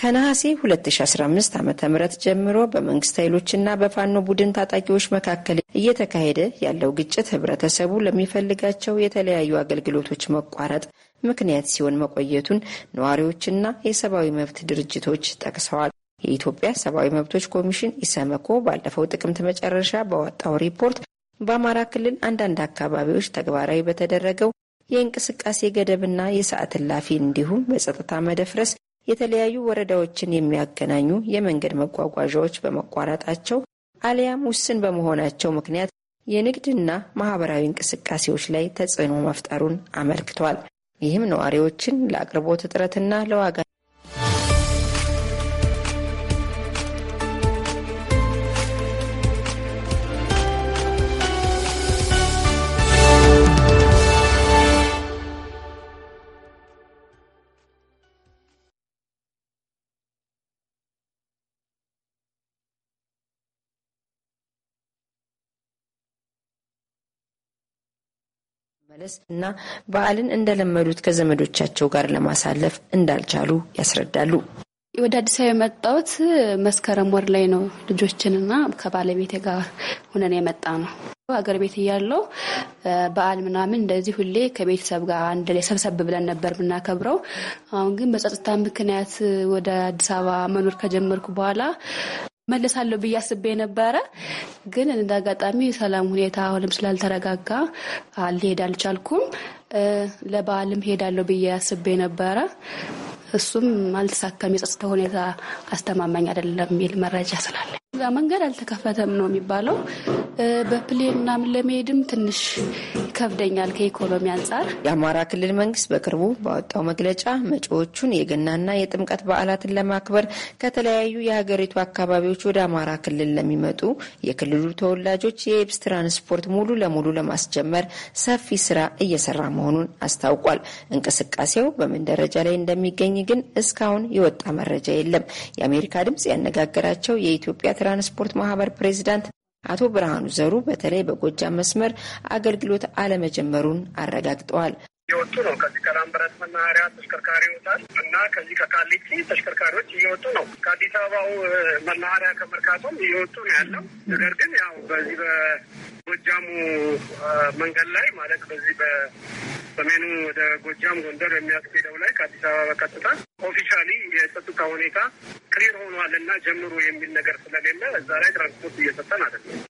ከነሐሴ 2015 ዓ ም ጀምሮ በመንግስት ኃይሎችና በፋኖ ቡድን ታጣቂዎች መካከል እየተካሄደ ያለው ግጭት ህብረተሰቡ ለሚፈልጋቸው የተለያዩ አገልግሎቶች መቋረጥ ምክንያት ሲሆን መቆየቱን ነዋሪዎችና የሰብአዊ መብት ድርጅቶች ጠቅሰዋል። የኢትዮጵያ ሰብአዊ መብቶች ኮሚሽን ኢሰመኮ ባለፈው ጥቅምት መጨረሻ በወጣው ሪፖርት በአማራ ክልል አንዳንድ አካባቢዎች ተግባራዊ በተደረገው የእንቅስቃሴ ገደብና የሰዓት እላፊ እንዲሁም በጸጥታ መደፍረስ የተለያዩ ወረዳዎችን የሚያገናኙ የመንገድ መጓጓዣዎች በመቋረጣቸው አሊያም ውስን በመሆናቸው ምክንያት የንግድና ማህበራዊ እንቅስቃሴዎች ላይ ተጽዕኖ መፍጠሩን አመልክቷል። ይህም ነዋሪዎችን ለአቅርቦት እጥረትና ለዋጋ ለመመላለስ እና በዓልን እንደለመዱት ከዘመዶቻቸው ጋር ለማሳለፍ እንዳልቻሉ ያስረዳሉ። ወደ አዲስ አበባ የመጣሁት መስከረም ወር ላይ ነው። ልጆችንና ከባለቤቴ ጋር ሆነን የመጣ ነው። ሀገር ቤት እያለው በዓል ምናምን እንደዚህ ሁሌ ከቤተሰብ ጋር አንድ ላይ ሰብሰብ ብለን ነበር የምናከብረው። አሁን ግን በጸጥታ ምክንያት ወደ አዲስ አበባ መኖር ከጀመርኩ በኋላ መለሳለሁ ብዬ አስቤ ነበረ። ግን እንደ አጋጣሚ የሰላም ሁኔታ አሁንም ስላልተረጋጋ አልሄድ አልቻልኩም። ለበዓልም ሄዳለሁ ብዬ ያስቤ ነበረ። እሱም አልተሳካም። የጸጥታ ሁኔታ አስተማማኝ አይደለም የሚል መረጃ ስላለ እዛ መንገድ አልተከፈተም ነው የሚባለው። በፕሌን ምናምን ለመሄድም ትንሽ ይከብደኛል ከኢኮኖሚ አንጻር። የአማራ ክልል መንግስት በቅርቡ ባወጣው መግለጫ መጪዎቹን የገናና የጥምቀት በዓላትን ለማክበር ከተለያዩ የሀገሪቱ አካባቢዎች ወደ አማራ ክልል ለሚመጡ የክልሉ ተወላጆች የኤብስ ትራንስፖርት ሙሉ ለሙሉ ለማስጀመር ሰፊ ስራ እየሰራ መሆኑን አስታውቋል። እንቅስቃሴው በምን ደረጃ ላይ እንደሚገኝ ግን እስካሁን የወጣ መረጃ የለም። የአሜሪካ ድምጽ ያነጋገራቸው የኢትዮጵያ ትራንስፖርት ማህበር ፕሬዚዳንት አቶ ብርሃኑ ዘሩ በተለይ በጎጃም መስመር አገልግሎት አለመጀመሩን አረጋግጠዋል። እየወጡ ነው። ከዚህ ከላምበረት መናኸሪያ ተሽከርካሪ ይወጣል እና ከዚህ ከካሊቲ ተሽከርካሪዎች እየወጡ ነው። ከአዲስ አበባው መናኸሪያ ከመርካቶም እየወጡ ነው ያለው። ነገር ግን ያው በዚህ በጎጃሙ መንገድ ላይ ማለት በዚህ በሰሜኑ ወደ ጎጃም ጎንደር የሚያስኬደው ላይ ከአዲስ አበባ በቀጥታ ኦፊሻሊ የጸጥታ ሁኔታ ክሊር ሆኗል እና ጀምሮ የሚል ነገር ስለሌለ እዛ ላይ ትራንስፖርት እየሰጠን አይደለም።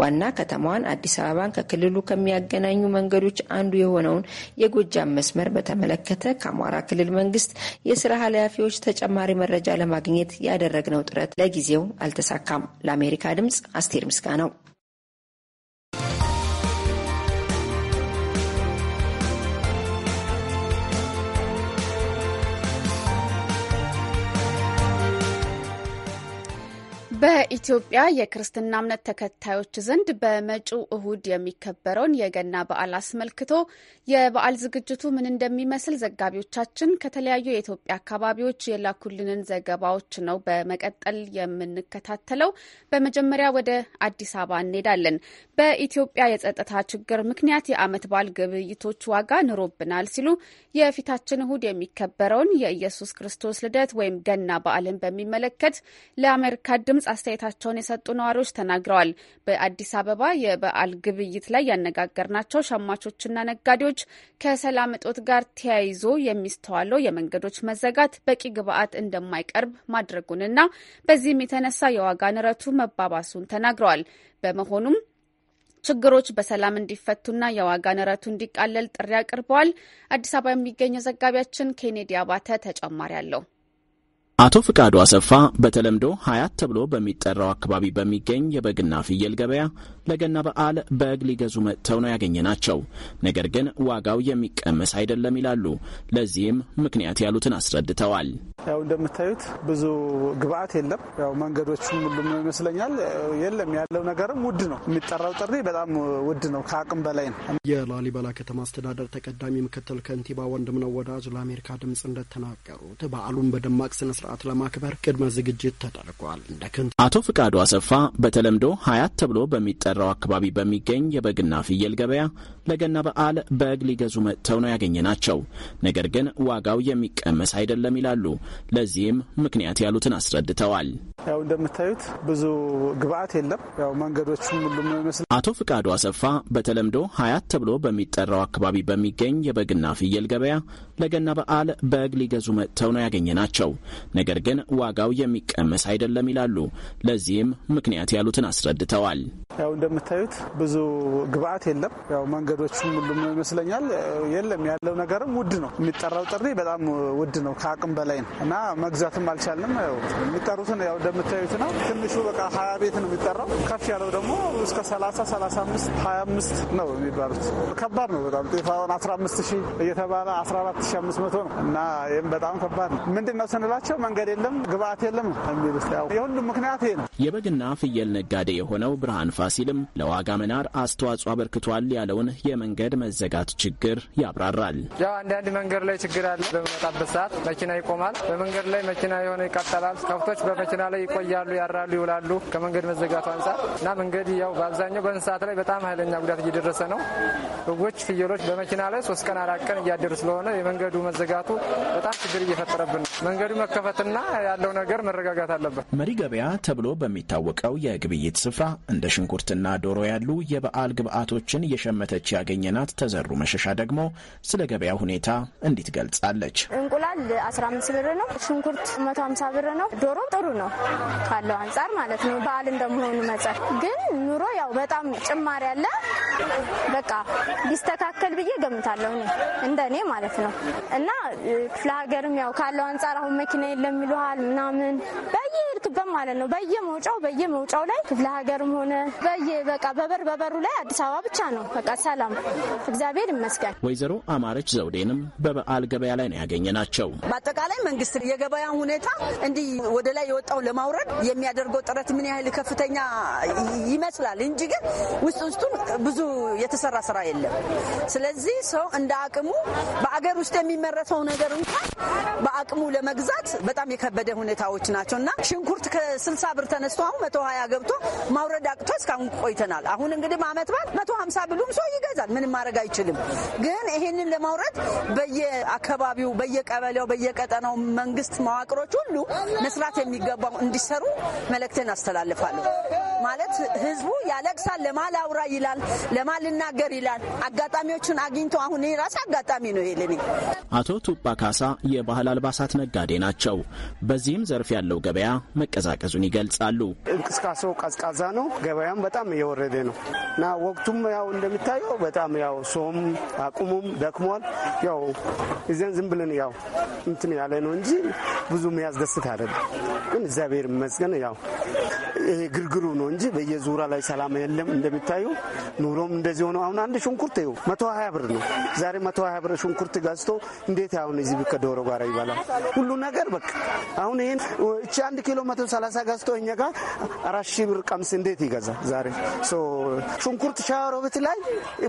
ዋና ከተማዋን አዲስ አበባን ከክልሉ ከሚያገናኙ መንገዶች አንዱ የሆነውን የጎጃም መስመር በተመለከተ ከአማራ ክልል መንግስት የስራ ኃላፊዎች ተጨማሪ መረጃ ለማግኘት ያደረግነው ጥረት ለጊዜው አልተሳካም። ለአሜሪካ ድምጽ አስቴር ምስጋ ነው። በኢትዮጵያ የክርስትና እምነት ተከታዮች ዘንድ በመጪው እሁድ የሚከበረውን የገና በዓል አስመልክቶ የበዓል ዝግጅቱ ምን እንደሚመስል ዘጋቢዎቻችን ከተለያዩ የኢትዮጵያ አካባቢዎች የላኩልንን ዘገባዎች ነው በመቀጠል የምንከታተለው። በመጀመሪያ ወደ አዲስ አበባ እንሄዳለን። በኢትዮጵያ የጸጥታ ችግር ምክንያት የዓመት በዓል ግብይቶች ዋጋ ንሮብናል ሲሉ የፊታችን እሁድ የሚከበረውን የኢየሱስ ክርስቶስ ልደት ወይም ገና በዓልን በሚመለከት ለአሜሪካ ድምጽ አስተያየታቸውን የሰጡ ነዋሪዎች ተናግረዋል። በአዲስ አበባ የበዓል ግብይት ላይ ያነጋገርናቸው ሸማቾችና ነጋዴዎች ከሰላም እጦት ጋር ተያይዞ የሚስተዋለው የመንገዶች መዘጋት በቂ ግብዓት እንደማይቀርብ ማድረጉንና በዚህም የተነሳ የዋጋ ንረቱ መባባሱን ተናግረዋል። በመሆኑም ችግሮች በሰላም እንዲፈቱና የዋጋ ንረቱ እንዲቃለል ጥሪ አቅርበዋል። አዲስ አበባ የሚገኘው ዘጋቢያችን ኬኔዲ አባተ ተጨማሪ አለው። አቶ ፍቃዱ አሰፋ በተለምዶ ሀያት ተብሎ በሚጠራው አካባቢ በሚገኝ የበግና ፍየል ገበያ ለገና በዓል በግ ሊገዙ መጥተው ነው ናቸው። ነገር ግን ዋጋው የሚቀመስ አይደለም ይላሉ። ለዚህም ምክንያት ያሉትን አስረድተዋል። ያው እንደምታዩት ብዙ ግብአት የለም። ያው መንገዶች ሁሉም ነው ይመስለኛል። የለም ያለው ነገርም ውድ ነው። የሚጠራው ጥሪ በጣም ውድ ነው፣ ከአቅም በላይ ነው። የላሊበላ ከተማ አስተዳደር ተቀዳሚ ምክትል ከንቲባ ወንድምነው ወዳጅ ለአሜሪካ ድምፅ እንደተናገሩት በዓሉን በደማቅ ስነስር ስርዓት ለማክበር ቅድመ ዝግጅት ተደርጓል። እንደ ክንት አቶ ፍቃዱ አሰፋ በተለምዶ ሀያት ተብሎ በሚጠራው አካባቢ በሚገኝ የበግና ፍየል ገበያ ለገና በዓል በግ ሊገዙ መጥተው ነው ያገኘ ናቸው። ነገር ግን ዋጋው የሚቀመስ አይደለም ይላሉ። ለዚህም ምክንያት ያሉትን አስረድተዋል። ያው እንደምታዩት ብዙ ግብአት የለም። ያው መንገዶች ሁሉም ይመስል አቶ ፍቃዱ አሰፋ በተለምዶ ሀያት ተብሎ በሚጠራው አካባቢ በሚገኝ የበግና ፍየል ገበያ ለገና በዓል በግ ሊገዙ መጥተው ነው ያገኘ ናቸው። ነገር ግን ዋጋው የሚቀመስ አይደለም ይላሉ። ለዚህም ምክንያት ያሉትን አስረድተዋል። ያው እንደምታዩት ብዙ ግብአት የለም። ያው መንገዶችም ሁሉም ይመስለኛል የለም። ያለው ነገርም ውድ ነው። የሚጠራው ጥሪ በጣም ውድ ነው፣ ከአቅም በላይ ነው እና መግዛትም አልቻልንም። የሚጠሩትን ያው እንደምታዩት ነው። ትንሹ በቃ ሀያ ቤት ነው የሚጠራው። ከፍ ያለው ደግሞ እስከ ሰላሳ ሰላሳ አምስት ሀያ አምስት ነው የሚባሉት። ከባድ ነው በጣም ጤፍ አስራ አምስት ሺህ እየተባለ አስራ አራት ሺህ አምስት መቶ ነው እና ይህም በጣም ከባድ ነው። ምንድን ነው ስንላቸው መንገድ የለም፣ ግብአት የለም የሚሉት የሁሉም ምክንያት ይሄ ነው። የበግና ፍየል ነጋዴ የሆነው ብርሃን ፋሲልም ለዋጋ መናር አስተዋጽኦ አበርክቷል ያለውን የመንገድ መዘጋት ችግር ያብራራል። ያው አንዳንድ መንገድ ላይ ችግር አለ። በመጣበት ሰዓት መኪና ይቆማል። በመንገድ ላይ መኪና የሆነ ይቀጠላል። ከብቶች በመኪና ላይ ይቆያሉ፣ ያራሉ፣ ይውላሉ። ከመንገድ መዘጋቱ አንጻር እና መንገድ ያው በአብዛኛው በእንስሳት ላይ በጣም ኃይለኛ ጉዳት እየደረሰ ነው። በጎች፣ ፍየሎች በመኪና ላይ ሶስት ቀን አራት ቀን እያደሩ ስለሆነ የመንገዱ መዘጋቱ በጣም ችግር እየፈጠረብን ነው። መንገዱ መከፈ መቀመጥና ያለው ነገር መረጋጋት አለበት። መሪ ገበያ ተብሎ በሚታወቀው የግብይት ስፍራ እንደ ሽንኩርትና ዶሮ ያሉ የበዓል ግብዓቶችን እየሸመተች ያገኘናት ተዘሩ መሸሻ ደግሞ ስለ ገበያ ሁኔታ እንዲት ገልጻለች። እንቁላል 15 ብር ነው። ሽንኩርት 150 ብር ነው። ዶሮ ጥሩ ነው ካለው አንጻር ማለት ነው። በዓል እንደመሆኑ መጸን ግን ኑሮ ያው በጣም ጭማሪ አለ። በቃ ሊስተካከል ብዬ ገምታለሁ፣ እንደ ማለት ነው እና ክፍለ ሀገርም ያው ካለው አንጻር አሁን መኪና የለም ይሉሃል ምናምን በየሄድክበት ማለት ነው። በየመውጫው በየመውጫው ላይ ክፍለ ሀገርም ሆነ በየ በቃ በበር በበሩ ላይ አዲስ አበባ ብቻ ነው በቃ ሰላም፣ እግዚአብሔር ይመስገን። ወይዘሮ አማረች ዘውዴንም በበዓል ገበያ ላይ ነው ያገኘ ናቸው። በአጠቃላይ መንግስት የገበያ ሁኔታ እንዲህ ወደ ላይ የወጣው ለማውረድ የሚያደርገው ጥረት ምን ያህል ከፍተኛ ይመስላል እንጂ ግን ውስጥ ውስጡን ብዙ የተሰራ ስራ የለም። ስለዚህ ሰው እንደ አቅሙ በአገር ውስጥ የሚመረተው ነገር እንኳን በአቅሙ ለመግዛት በጣም የከበደ ሁኔታዎች ናቸው እና ሽንኩርት ከስልሳ ብር ተነስቶ አሁን መቶ ሀያ ገብቶ ማውረድ አቅቶ እስካሁን ቆይተናል። አሁን እንግዲህ አመት በዓል መቶ ሀምሳ ብሉም ሰው ይገዛል፣ ምንም ማድረግ አይችልም። ግን ይሄንን ለማውረድ በየአካባቢው በየቀበሌው፣ በየቀጠናው መንግስት መዋቅሮች ሁሉ መስራት የሚገባው እንዲሰሩ መልእክቴን አስተላልፋለሁ። ማለት ህዝቡ ያለቅሳል፣ ለማላውራ ይላል፣ ለማልናገር ይላል። አጋጣሚዎቹን አግኝቶ አሁን ይህ ራስ አጋጣሚ ነው ይልኔ። አቶ ቱባ ካሳ የባህል አልባሳት ነጋዴ ናቸው። በዚህም ዘርፍ ያለው ገበያ መቀዛቀዙን ይገልጻሉ። እንቅስቃሴው ቀዝቃዛ ነው፣ ገበያም በጣም እየወረደ ነው እና ወቅቱም ያው እንደሚታየው በጣም ያው ሰውም አቁሙም ደክሟል። ያው እዚያን ዝም ብለን ያው እንትን ያለ ነው እንጂ ብዙ የሚያስደስት አይደለም። ግን እግዚአብሔር ይመስገን ያው ይሄ ግርግሩ ነው እንጂ በየዙራ ላይ ሰላም የለም። እንደሚታዩ ኑሮም እንደዚህ ሆነ። አሁን አንድ ሽንኩርት ይኸው መቶ ሀያ ብር ነው። ዛሬ መቶ ሀያ ብር ሽንኩርት ገዝቶ እንዴት አሁን እዚህ ከዶሮ ጋር ይበላል? ሁሉ ነገር በቃ አሁን ይህን እቺ አንድ ኪሎ መቶ ሰላሳ ገዝቶ እኛ ጋር አራት ሺህ ብር ቀምስ እንዴት ይገዛል? ዛሬ ሽንኩርት ሻሮቤት ላይ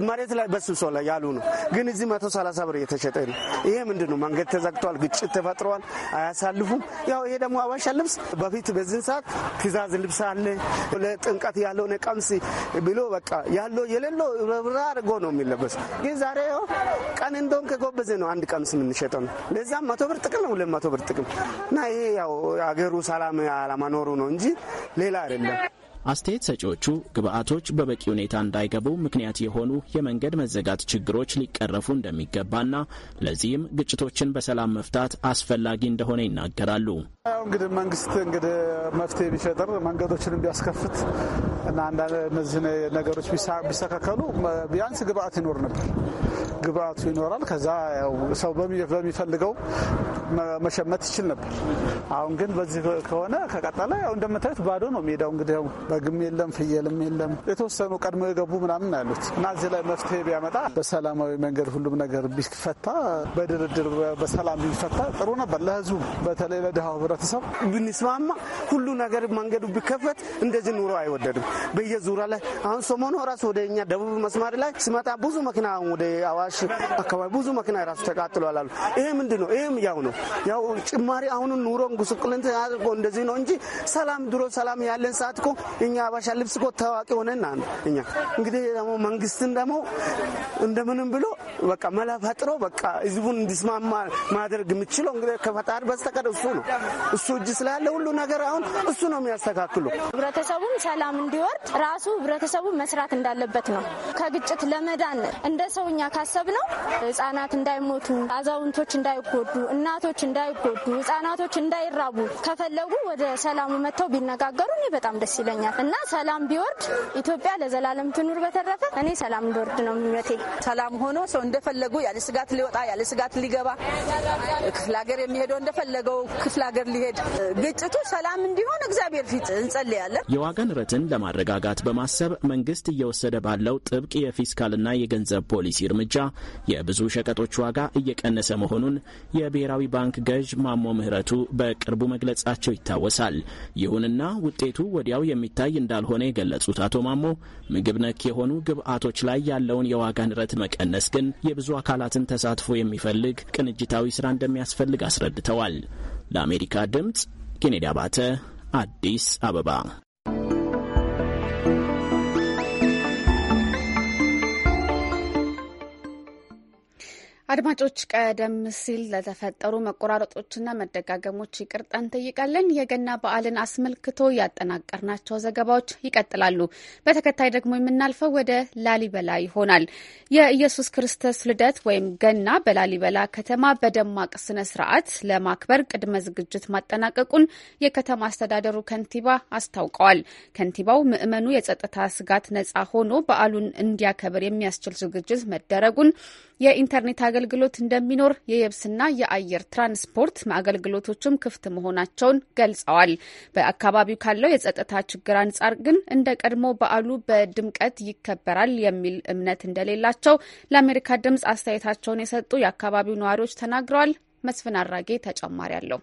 መሬት ላይ በስብሶ ላይ ያሉ ነው፣ ግን እዚህ መቶ ሰላሳ ብር የተሸጠ ነው። ይሄ ምንድን ነው? መንገድ ተዘግተዋል፣ ግጭት ተፈጥረዋል፣ አያሳልፉም። ያው ይሄ ደግሞ አባሻ ልብስ በፊት በዚህን ሰዓት ትእዛዝ ልብስ አለ ጥምቀት ያለው ቀምስ ብሎ በቃ ያለው የሌለው ረብራ አድርጎ ነው የሚለበስ። ግን ዛሬ ቀን እንደውም ከጎበዘ ነው አንድ ቀምስ የምንሸጠው ነው። ለዛም መቶ ብር ጥቅም ነው ሁለት መቶ ብር ጥቅም እና ይሄ ያው አገሩ ሰላም አለመኖሩ ነው እንጂ ሌላ አይደለም። አስተያየት ሰጪዎቹ ግብአቶች በበቂ ሁኔታ እንዳይገቡ ምክንያት የሆኑ የመንገድ መዘጋት ችግሮች ሊቀረፉ እንደሚገባና ለዚህም ግጭቶችን በሰላም መፍታት አስፈላጊ እንደሆነ ይናገራሉ። እንግዲህ መንግስት እንግዲህ መፍትሄ ቢፈጥር መንገዶችንም ቢያስከፍት እና አንዳንድ እነዚህ ነገሮች ቢስተካከሉ ቢያንስ ግብአት ይኖር ነበር። ግብአቱ ይኖራል። ከዛ ሰው በሚፈልገው መሸመት ይችል ነበር። አሁን ግን በዚህ ከሆነ ከቀጠለ ያው እንደምታዩት ባዶ ነው ሜዳው። እንግዲህ በግም የለም ፍየልም የለም። የተወሰኑ ቀድሞ የገቡ ምናምን ያሉት እና እዚህ ላይ መፍትሄ ቢያመጣ በሰላማዊ መንገድ ሁሉም ነገር ቢፈታ በድርድር በሰላም ቢፈታ ጥሩ ነበር። ለህዝቡ በተለይ ለድሃው ህብረተሰብ ብንስማማ ሁሉ ነገር መንገዱ ቢከፈት እንደዚህ ኑሮ አይወደድም። በየዙሪያ ላይ አሁን ሰሞኑ ራሱ ወደ እኛ ደቡብ መስማር ላይ ስመጣ ብዙ መኪና ወደ አዋሽ አካባቢ ብዙ መኪና ራሱ ተቃጥሏል አሉ። ይሄ ምንድን ነው? ይህም ያው ነው ያው ጭማሪ አሁኑን ኑሮ ጉስቁልን አድርጎ እንደዚህ ነው እንጂ ሰላም ድሮ ሰላም ያለን ሰዓት እኮ እኛ አባሻ ልብስ እኮ ታዋቂ ሆነና እኛ እንግዲህ ደግሞ መንግስትን ደግሞ እንደምንም ብሎ በቃ መላ ፈጥሮ በቃ ህዝቡን እንዲስማማ ማድረግ የምችለው እንግዲህ ከፈጣሪ በስተቀር እሱ ነው። እሱ እጅ ስላለ ሁሉ ነገር አሁን እሱ ነው የሚያስተካክሉ። ህብረተሰቡም ሰላም እንዲወርድ ራሱ ህብረተሰቡ መስራት እንዳለበት ነው። ከግጭት ለመዳን እንደ ሰውኛ ካሰብ ነው ህጻናት እንዳይሞቱ፣ አዛውንቶች እንዳይጎዱ፣ እና እናቶች እንዳይጎዱ፣ ህጻናቶች እንዳይራቡ ከፈለጉ ወደ ሰላሙ መጥተው ቢነጋገሩ እኔ በጣም ደስ ይለኛል እና ሰላም ቢወርድ ኢትዮጵያ ለዘላለም ትኑር። በተረፈ እኔ ሰላም እንደወርድ ነው ምኞቴ። ሰላም ሆኖ ሰው እንደፈለጉ ያለ ስጋት ሊወጣ ያለ ስጋት ሊገባ ክፍለ ሀገር የሚሄደው እንደፈለገው ክፍለ ሀገር ሊሄድ ግጭቱ ሰላም እንዲሆን እግዚአብሔር ፊት እንጸልያለን። የዋጋ ንረትን ለማረጋጋት በማሰብ መንግስት እየወሰደ ባለው ጥብቅ የፊስካልና የገንዘብ ፖሊሲ እርምጃ የብዙ ሸቀጦች ዋጋ እየቀነሰ መሆኑን የብሔራዊ ባንክ ገዥ ማሞ ምህረቱ በቅርቡ መግለጻቸው ይታወሳል። ይሁንና ውጤቱ ወዲያው የሚታይ እንዳልሆነ የገለጹት አቶ ማሞ ምግብ ነክ የሆኑ ግብዓቶች ላይ ያለውን የዋጋ ንረት መቀነስ ግን የብዙ አካላትን ተሳትፎ የሚፈልግ ቅንጅታዊ ስራ እንደሚያስፈልግ አስረድተዋል። ለአሜሪካ ድምጽ ኬኔዲ አባተ አዲስ አበባ አድማጮች ቀደም ሲል ለተፈጠሩ መቆራረጦችና መደጋገሞች ይቅርታ እንጠይቃለን። የገና በዓልን አስመልክቶ ያጠናቀርናቸው ዘገባዎች ይቀጥላሉ። በተከታይ ደግሞ የምናልፈው ወደ ላሊበላ ይሆናል። የኢየሱስ ክርስቶስ ልደት ወይም ገና በላሊበላ ከተማ በደማቅ ስነ ስርዓት ለማክበር ቅድመ ዝግጅት ማጠናቀቁን የከተማ አስተዳደሩ ከንቲባ አስታውቀዋል። ከንቲባው ምዕመኑ የጸጥታ ስጋት ነጻ ሆኖ በዓሉን እንዲያከብር የሚያስችል ዝግጅት መደረጉን የኢንተርኔት አገልግሎት እንደሚኖር የየብስና የአየር ትራንስፖርት አገልግሎቶችም ክፍት መሆናቸውን ገልጸዋል። በአካባቢው ካለው የጸጥታ ችግር አንጻር ግን እንደ ቀድሞ በዓሉ በድምቀት ይከበራል የሚል እምነት እንደሌላቸው ለአሜሪካ ድምጽ አስተያየታቸውን የሰጡ የአካባቢው ነዋሪዎች ተናግረዋል። መስፍን አራጌ ተጨማሪ አለው።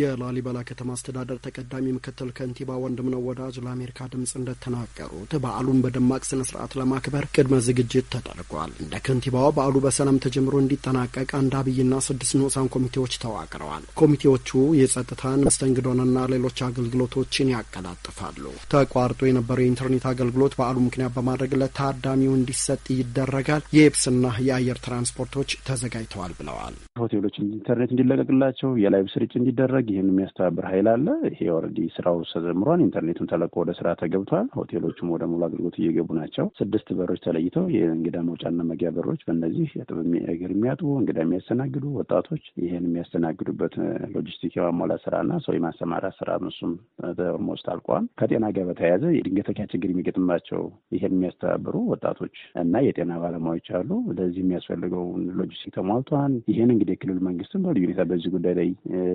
የላሊበላ ከተማ አስተዳደር ተቀዳሚ ምክትል ከንቲባ ወንድምነው ወዳጅ ለአሜሪካ ድምፅ እንደተናገሩት በዓሉን በደማቅ ስነ ስርዓት ለማክበር ቅድመ ዝግጅት ተደርጓል። እንደ ከንቲባው በዓሉ በሰላም ተጀምሮ እንዲጠናቀቅ አንድ አብይና ስድስት ንዑሳን ኮሚቴዎች ተዋቅረዋል። ኮሚቴዎቹ የጸጥታን መስተንግዶንና ሌሎች አገልግሎቶችን ያቀላጥፋሉ። ተቋርጦ የነበረው የኢንተርኔት አገልግሎት በዓሉ ምክንያት በማድረግ ለታዳሚው እንዲሰጥ ይደረጋል። የየብስና የአየር ትራንስፖርቶች ተዘጋጅተዋል ብለዋል። ሆቴሎች ኢንተርኔት እንዲለቀቅላቸው፣ የላይቭ ስርጭ እንዲደረግ ለማድረግ ይህን የሚያስተባብር ኃይል አለ። ይሄ ኦልሬዲ ስራው ተጀምሯል። ኢንተርኔቱን ተለቆ ወደ ስራ ተገብቷል። ሆቴሎቹም ወደ ሙሉ አገልግሎት እየገቡ ናቸው። ስድስት በሮች ተለይተው የእንግዳ መውጫና መግቢያ በሮች በእነዚህ እግር የሚያጥቡ እንግዳ የሚያስተናግዱ ወጣቶች ይህን የሚያስተናግዱበት ሎጂስቲክ የማሟላ ስራና ሰው የማሰማራት ስራ እሱም ኦልሞስት አልቋል። ከጤና ጋር በተያያዘ የድንገተኛ ችግር የሚገጥማቸው ይህን የሚያስተባብሩ ወጣቶች እና የጤና ባለሙያዎች አሉ። ለዚህ የሚያስፈልገውን ሎጂስቲክ ተሟልቷል። ይህን እንግዲህ የክልል መንግስትም በልዩ ሁኔታ በዚህ ጉዳይ ላይ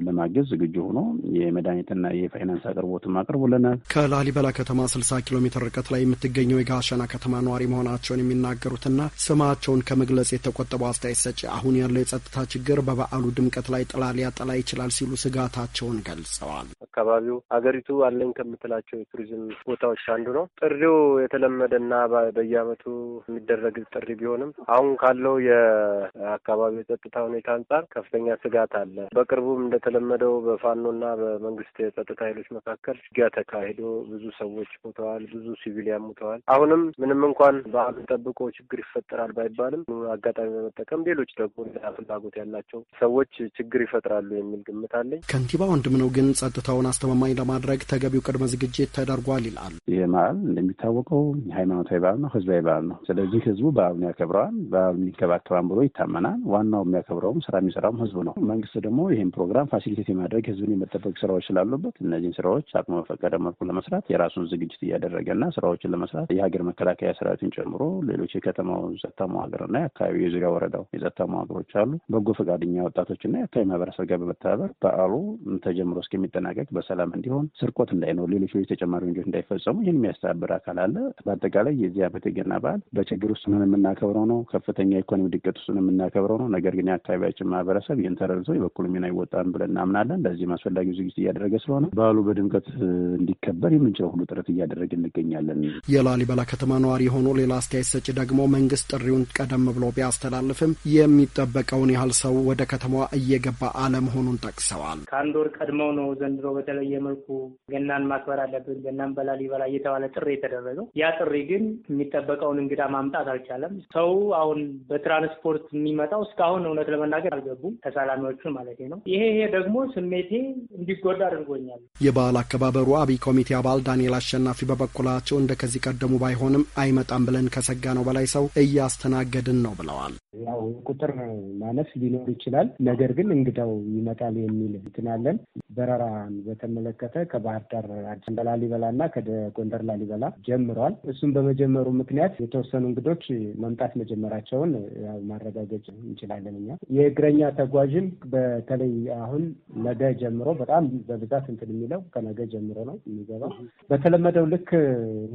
ለማገዝ ዝግጁ ሆኖ የመድኃኒትና የፋይናንስ አቅርቦትም አቅርቡልናል። ከላሊበላ ከተማ ስልሳ ኪሎ ሜትር ርቀት ላይ የምትገኘው የጋሸና ከተማ ነዋሪ መሆናቸውን የሚናገሩትና ስማቸውን ከመግለጽ የተቆጠበው አስተያየት ሰጪ አሁን ያለው የጸጥታ ችግር በበዓሉ ድምቀት ላይ ጥላ ሊያጠላ ይችላል ሲሉ ስጋታቸውን ገልጸዋል። አካባቢው ሀገሪቱ አለኝ ከምትላቸው የቱሪዝም ቦታዎች አንዱ ነው። ጥሪው የተለመደና በየአመቱ የሚደረግ ጥሪ ቢሆንም አሁን ካለው የአካባቢው የጸጥታ ሁኔታ አንጻር ከፍተኛ ስጋት አለ። በቅርቡም እንደተለመደው በፋኖና በመንግስት የጸጥታ ኃይሎች መካከል ውጊያ ተካሂዶ ብዙ ሰዎች ሞተዋል፣ ብዙ ሲቪሊያን ሞተዋል። አሁንም ምንም እንኳን በዓሉን ጠብቆ ችግር ይፈጠራል ባይባልም አጋጣሚ በመጠቀም ሌሎች ደግሞ ሌላ ፍላጎት ያላቸው ሰዎች ችግር ይፈጥራሉ የሚል ግምት አለኝ። ከንቲባ ወንድም ነው ግን ጸጥታውን አስተማማኝ ለማድረግ ተገቢው ቅድመ ዝግጅት ተደርጓል ይላል። ይህ በዓል እንደሚታወቀው ሃይማኖታዊ በዓል ነው፣ ህዝባዊ በዓል ነው። ስለዚህ ህዝቡ በዓሉን ያከብረዋል፣ በዓሉን ይንከባከባል ብሎ ይታመናል። ዋናው የሚያከብረውም ስራ የሚሰራውም ህዝቡ ነው። መንግስት ደግሞ ይህን ፕሮግራም ፋሲሊቴት የማድረግ የማድረግ ህዝብን የመጠበቅ ስራዎች ስላሉበት እነዚህን ስራዎች አቅሙ በፈቀደ መልኩ ለመስራት የራሱን ዝግጅት እያደረገ እያደረገና ስራዎችን ለመስራት የሀገር መከላከያ ሰራዊትን ጨምሮ ሌሎች የከተማው ጸጥታ መዋቅርና የአካባቢ የዙሪያ ወረዳው የጸጥታ መዋቅሮች አሉ። በጎ ፈቃደኛ ወጣቶች ወጣቶችና የአካባቢ ማህበረሰብ ጋር በመተባበር በዓሉ ተጀምሮ እስከሚጠናቀቅ በሰላም እንዲሆን፣ ስርቆት እንዳይኖር፣ ሌሎች ሌሎች ተጨማሪ ወንጀሎች እንዳይፈጸሙ ይህን የሚያስተባብር አካል አለ። በአጠቃላይ የዚህ ዓመት የገና በዓል በችግር ውስጥ ምን የምናከብረው ነው። ከፍተኛ ኢኮኖሚ ድቀት ውስጥ የምናከብረው ነው። ነገር ግን የአካባቢያችን ማህበረሰብ ይህን ተረድቶ የበኩሉ ሚና ይወጣን ብለን እናምናለን። ለዚህም አስፈላጊ ዝግጅት እያደረገ ስለሆነ በዓሉ በድምቀት እንዲከበር የምንችለው ሁሉ ጥረት እያደረግ እንገኛለን። የላሊበላ ከተማ ነዋሪ የሆኑ ሌላ አስተያየት ሰጪ ደግሞ መንግስት ጥሪውን ቀደም ብሎ ቢያስተላልፍም የሚጠበቀውን ያህል ሰው ወደ ከተማዋ እየገባ አለመሆኑን ጠቅሰዋል። ከአንድ ወር ቀድመው ነው ዘንድሮ በተለየ መልኩ ገናን ማክበር አለብን፣ ገናን በላሊበላ እየተባለ ጥሪ የተደረገው። ያ ጥሪ ግን የሚጠበቀውን እንግዳ ማምጣት አልቻለም። ሰው አሁን በትራንስፖርት የሚመጣው እስካሁን እውነት ለመናገር አልገቡም፣ ተሳላሚዎቹን ማለት ነው። ይሄ ይሄ ደግሞ ስሜ ስሜቴ እንዲጎዳ አድርጎኛል። የበዓል አከባበሩ አብይ ኮሚቴ አባል ዳንኤል አሸናፊ በበኩላቸው እንደ ከዚህ ቀደሙ ባይሆንም አይመጣም ብለን ከሰጋ ነው በላይ ሰው እያስተናገድን ነው ብለዋል። ያው ቁጥር ማነስ ሊኖር ይችላል። ነገር ግን እንግዳው ይመጣል የሚል እንትን አለን። በረራን በተመለከተ ከባህር ዳር አዲስ ላሊበላ እና ከጎንደር ላሊበላ ጀምረዋል። እሱም በመጀመሩ ምክንያት የተወሰኑ እንግዶች መምጣት መጀመራቸውን ማረጋገጥ እንችላለን። እኛ የእግረኛ ተጓዥም በተለይ አሁን ከነገ ጀምሮ በጣም በብዛት እንትን የሚለው ከነገ ጀምሮ ነው የሚገባው። በተለመደው ልክ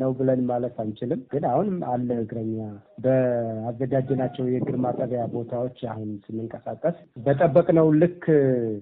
ነው ብለን ማለት አንችልም፣ ግን አሁንም አለ እግረኛ በአዘጋጀናቸው የእግር ማጠቢያ ቦታዎች አሁን ስንንቀሳቀስ በጠበቅነው ልክ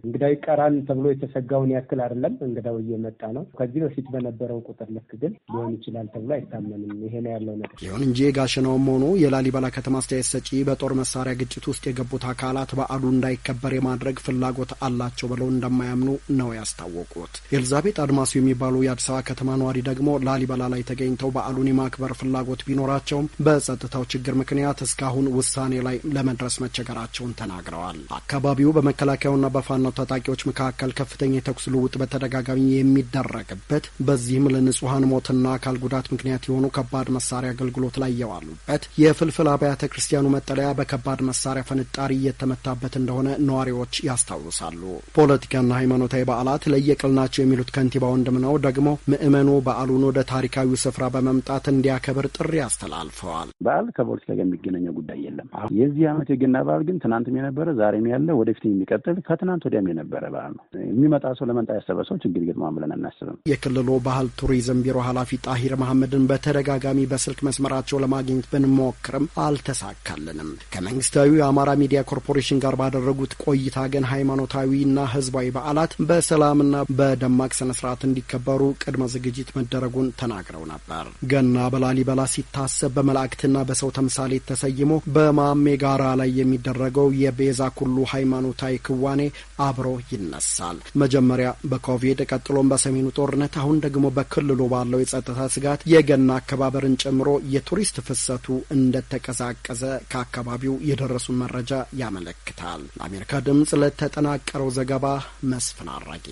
እንግዳ ይቀራል ተብሎ የተሰጋውን ያክል አይደለም። እንግዳው እየመጣ ነው። ከዚህ በፊት በነበረው ቁጥር ልክ ግን ሊሆን ይችላል ተብሎ አይታመንም። ይሄ ነው ያለው ነገር። ይሁን እንጂ ጋሸናውም ሆኖ የላሊበላ ከተማ አስተያየት ሰጪ በጦር መሳሪያ ግጭት ውስጥ የገቡት አካላት በዓሉ እንዳይከበር የማድረግ ፍላጎት አላቸው ብለው እንደ እንደማያምኑ ነው ያስታወቁት። ኤልዛቤጥ አድማሱ የሚባሉ የአዲስ አበባ ከተማ ነዋሪ ደግሞ ላሊበላ ላይ ተገኝተው በዓሉን የማክበር ፍላጎት ቢኖራቸውም በጸጥታው ችግር ምክንያት እስካሁን ውሳኔ ላይ ለመድረስ መቸገራቸውን ተናግረዋል። አካባቢው በመከላከያውና በፋናው ታጣቂዎች መካከል ከፍተኛ የተኩስ ልውውጥ በተደጋጋሚ የሚደረግበት በዚህም ለንጹሐን ሞትና አካል ጉዳት ምክንያት የሆኑ ከባድ መሳሪያ አገልግሎት ላይ የዋሉበት የፍልፍል አብያተ ክርስቲያኑ መጠለያ በከባድ መሳሪያ ፍንጣሪ እየተመታበት እንደሆነ ነዋሪዎች ያስታውሳሉ። ፖለቲካ የኢትዮጵያና ሃይማኖታዊ በዓላት ለየቅል ናቸው የሚሉት ከንቲባ ወንድምነው ደግሞ ምእመኑ በዓሉን ወደ ታሪካዊ ስፍራ በመምጣት እንዲያከብር ጥሪ አስተላልፈዋል። በዓል ከፖለቲካ ጋር የሚገናኘው ጉዳይ የለም። አሁን የዚህ ዓመት የገና በዓል ግን ትናንትም የነበረ ዛሬም ያለ ወደፊት የሚቀጥል ከትናንት ወዲያም የነበረ በዓል ነው። የሚመጣ ሰው ለመንጣ ያሰበ ሰው ችግር ይገጥማል ብለን አናስብም። የክልሉ ባህል ቱሪዝም ቢሮ ኃላፊ ጣሂር መሐመድን በተደጋጋሚ በስልክ መስመራቸው ለማግኘት ብንሞክርም አልተሳካልንም። ከመንግስታዊ የአማራ ሚዲያ ኮርፖሬሽን ጋር ባደረጉት ቆይታ ግን ሃይማኖታዊና ህዝባዊ በዓላት በሰላምና በደማቅ ስነ ስርዓት እንዲከበሩ ቅድመ ዝግጅት መደረጉን ተናግረው ነበር። ገና በላሊበላ ሲታሰብ በመላእክትና በሰው ተምሳሌ ተሰይሞ በማሜ ጋራ ላይ የሚደረገው የቤዛ ኩሉ ሃይማኖታዊ ክዋኔ አብሮ ይነሳል። መጀመሪያ በኮቪድ ቀጥሎም በሰሜኑ ጦርነት አሁን ደግሞ በክልሉ ባለው የጸጥታ ስጋት የገና አከባበርን ጨምሮ የቱሪስት ፍሰቱ እንደተቀዛቀዘ ከአካባቢው የደረሱን መረጃ ያመለክታል። ለአሜሪካ ድምፅ ለተጠናቀረው ዘገባ መስፍን አራጌ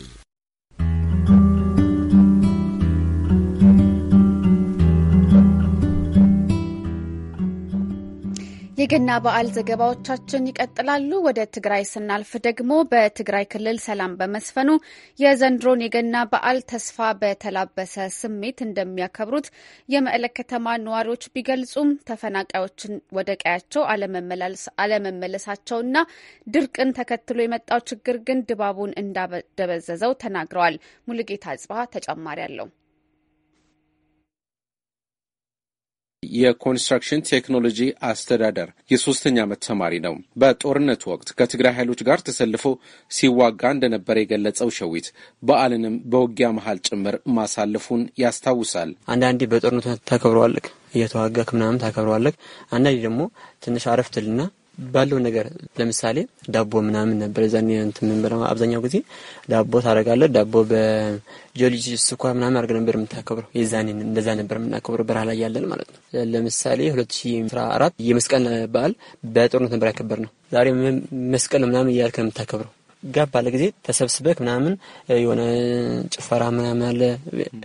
የገና በዓል ዘገባዎቻችን ይቀጥላሉ። ወደ ትግራይ ስናልፍ ደግሞ በትግራይ ክልል ሰላም በመስፈኑ የዘንድሮን የገና በዓል ተስፋ በተላበሰ ስሜት እንደሚያከብሩት የመቀለ ከተማ ነዋሪዎች ቢገልጹም ተፈናቃዮችን ወደ ቀያቸው አለመመለሳቸውና ድርቅን ተከትሎ የመጣው ችግር ግን ድባቡን እንዳደበዘዘው ተናግረዋል። ሙሉጌታ ጽባ ተጨማሪ አለው። የኮንስትራክሽን ቴክኖሎጂ አስተዳደር የሶስተኛ ዓመት ተማሪ ነው። በጦርነቱ ወቅት ከትግራይ ኃይሎች ጋር ተሰልፎ ሲዋጋ እንደነበረ የገለጸው ሸዊት በዓልንም በውጊያ መሀል ጭምር ማሳለፉን ያስታውሳል። አንዳንዴ በጦርነቱ ታከብረዋለህ፣ እየተዋጋክ ምናምን ታከብረዋለቅ፣ አንዳንዴ ደግሞ ትንሽ አረፍትልና ባለው ነገር ለምሳሌ ዳቦ ምናምን ነበር እዛኔ እንትን አብዛኛው ጊዜ ዳቦ ታደርጋለህ። ዳቦ በጆልጅ ስኳር ምናምን አርገ ነበር የምታከብረው። የዛኔ እንደዛ ነበር የምናከብረው በረሃ ላይ ያለን ማለት ነው። ለምሳሌ ሁለት ሺ አራት የመስቀል በዓል በጦርነት ነበር ያከበር ነው። ዛሬ መስቀል ምናምን እያልክ ነው የምታከብረው ጋብ ባለ ጊዜ ተሰብስበክ ምናምን የሆነ ጭፈራ ምናምን አለ።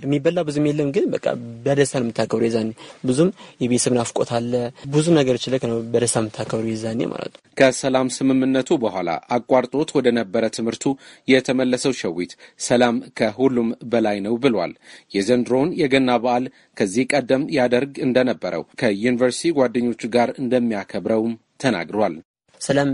የሚበላ ብዙም የለም፣ ግን በቃ በደስታ ነው የምታከብረው። የዛኔ ብዙም የቤተሰብ ናፍቆት አለ። ብዙ ነገር ችለክ ነው በደስታ የምታከብረው የዛኔ ማለት ነው። ከሰላም ስምምነቱ በኋላ አቋርጦት ወደ ነበረ ትምህርቱ የተመለሰው ሸዊት ሰላም ከሁሉም በላይ ነው ብሏል። የዘንድሮውን የገና በዓል ከዚህ ቀደም ያደርግ እንደነበረው ከዩኒቨርሲቲ ጓደኞቹ ጋር እንደሚያከብረውም ተናግሯል። ሰላም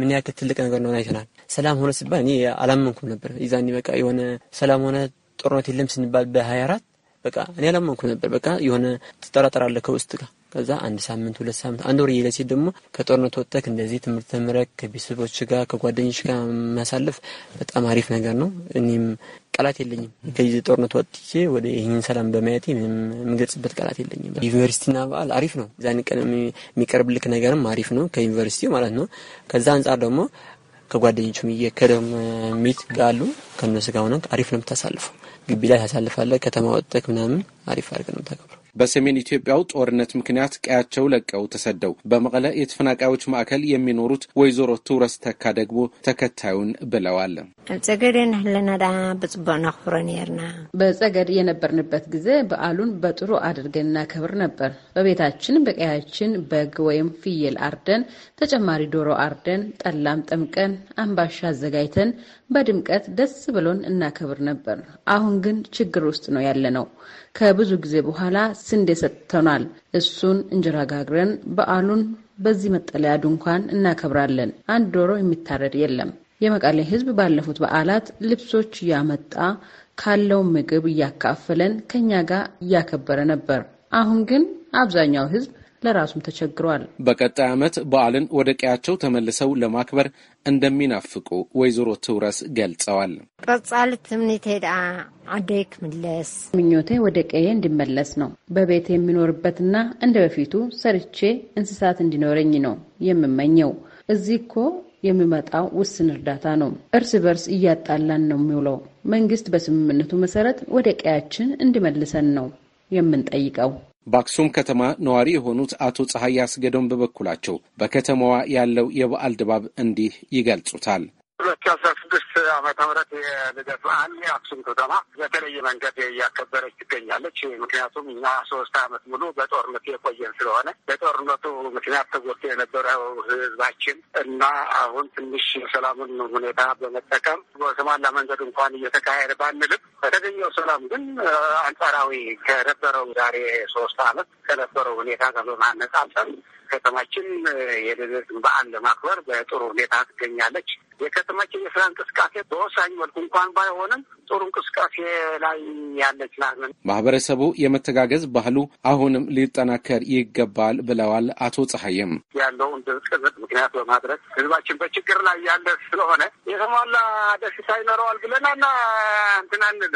ምን ያክል ትልቅ ነገር እንደሆነ አይተናል። ሰላም ሆነ ሲባል እኔ አላመንኩም ነበር። ይዛኔ በቃ የሆነ ሰላም ሆነ ጦርነት የለም ስንባል በሀያ አራት በቃ እኔ አላመንኩም ነበር። በቃ የሆነ ትጠራጠራለህ ከውስጥ ጋር ከዛ አንድ ሳምንት ሁለት ሳምንት አንድ ወር እየለሴ ደግሞ ከጦርነት ወጥተህ እንደዚህ ትምህርት ተምረህ ከቤተሰቦች ጋር ከጓደኞች ጋር ማሳለፍ በጣም አሪፍ ነገር ነው። እኔም ቃላት የለኝም ከዚህ ጦርነት ወጥቼ ወደ ይህን ሰላም በማየት የምገልጽበት ቃላት የለኝም። ዩኒቨርሲቲና በዓል አሪፍ ነው። ዛን ቀን የሚቀርብልክ ነገርም አሪፍ ነው ከዩኒቨርሲቲው ማለት ነው። ከዛ አንጻር ደግሞ ከጓደኞቹም እየከደም ሚት ጋሉ ከነሱ ጋር ሆነን አሪፍ ነው የምታሳልፈው። ግቢ ላይ ታሳልፋለህ። ከተማ ወጥተህ ምናምን አሪፍ አድርገህ ነው የምታከብረው። በሰሜን ኢትዮጵያው ጦርነት ምክንያት ቀያቸው ለቀው ተሰደው በመቀለ የተፈናቃዮች ማዕከል የሚኖሩት ወይዘሮ ቱረስ ተካ ደግሞ ተከታዩን ብለዋል። በጸገድ የነበርንበት ጊዜ በዓሉን በጥሩ አድርገን እናከብር ነበር። በቤታችን በቀያችን በግ ወይም ፍየል አርደን ተጨማሪ ዶሮ አርደን ጠላም ጠምቀን አምባሻ አዘጋጅተን በድምቀት ደስ ብሎን እናከብር ነበር። አሁን ግን ችግር ውስጥ ነው ያለነው። ከብዙ ጊዜ በኋላ ስንዴ ሰጥተናል። እሱን እንጀራ ጋግረን በዓሉን በዚህ መጠለያ ድንኳን እናከብራለን። አንድ ዶሮ የሚታረድ የለም። የመቀሌ ሕዝብ ባለፉት በዓላት ልብሶች እያመጣ ካለው ምግብ እያካፈለን ከኛ ጋር እያከበረ ነበር። አሁን ግን አብዛኛው ሕዝብ ለራሱም ተቸግሯል። በቀጣይ ዓመት በዓልን ወደ ቀያቸው ተመልሰው ለማክበር እንደሚናፍቁ ወይዘሮ ትውረስ ገልጸዋል። ቀጻል እምኒት ሄዳ አደይክ ምኞቴ ወደ ቀዬ እንዲመለስ ነው። በቤት የሚኖርበትና እንደ በፊቱ ሰርቼ እንስሳት እንዲኖረኝ ነው የምመኘው። እዚህ እኮ የሚመጣው ውስን እርዳታ ነው። እርስ በርስ እያጣላን ነው የሚውለው። መንግስት በስምምነቱ መሰረት ወደ ቀያችን እንዲመልሰን ነው የምንጠይቀው። በአክሱም ከተማ ነዋሪ የሆኑት አቶ ፀሐይ አስገዶም በበኩላቸው በከተማዋ ያለው የበዓል ድባብ እንዲህ ይገልጹታል። ሁለት አስራ ዓመተ ምህረት የልደት በዓል አክሱም ከተማ በተለየ መንገድ እያከበረች ትገኛለች። ምክንያቱም እኛ ሶስት ዓመት ሙሉ በጦርነት የቆየን ስለሆነ በጦርነቱ ምክንያት ተጎድቶ የነበረው ህዝባችን እና አሁን ትንሽ የሰላሙን ሁኔታ በመጠቀም በሰማላ መንገድ እንኳን እየተካሄደ ባንልም በተገኘው ሰላም ግን አንጻራዊ ከነበረው ዛሬ ሶስት ዓመት ከነበረው ሁኔታ ጋር በማነጻጸር ከተማችን የልደትን በዓል ለማክበር በጥሩ ሁኔታ ትገኛለች። የከተማችን የስራ እንቅስቃሴ በወሳኝ መልኩ እንኳን ባይሆንም ጥሩ እንቅስቃሴ ላይ ያለች ናት። ማህበረሰቡ የመተጋገዝ ባህሉ አሁንም ሊጠናከር ይገባል ብለዋል አቶ ፀሐይም ያለውን ቅርጽ ምክንያት በማድረግ ህዝባችን በችግር ላይ ያለ ስለሆነ የተሟላ ደስታ ይኖረዋል ብለናና እንትን አንልም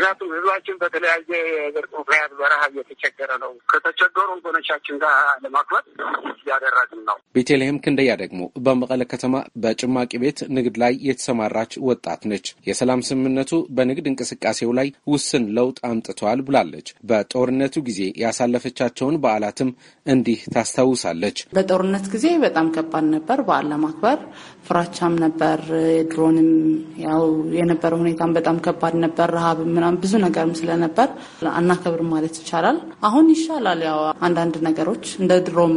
ምክንያቱም ህዝባችን በተለያየ ድርቅ ምክንያት በረሀብ እየተቸገረ ነው። ከተቸገሩ ወገኖቻችን ጋር ለማክበር እያደረግን ነው። ቤተልሔም ክንደያ ደግሞ በመቀለ ከተማ በጭማቂ ቤት ንግድ ላይ የተሰማራች ወጣት ነች። የሰላም ስምምነቱ በንግድ እንቅስቃሴው ላይ ውስን ለውጥ አምጥተዋል ብላለች። በጦርነቱ ጊዜ ያሳለፈቻቸውን በዓላትም እንዲህ ታስታውሳለች። በጦርነት ጊዜ በጣም ከባድ ነበር። በዓል ለማክበር ፍራቻም ነበር። ድሮንም ያው የነበረ ሁኔታም በጣም ከባድ ነበር። ረሃብ ምና ምናምን ብዙ ነገርም ስለነበር አናከብር ማለት ይቻላል። አሁን ይሻላል። ያው አንዳንድ ነገሮች እንደ ድሮም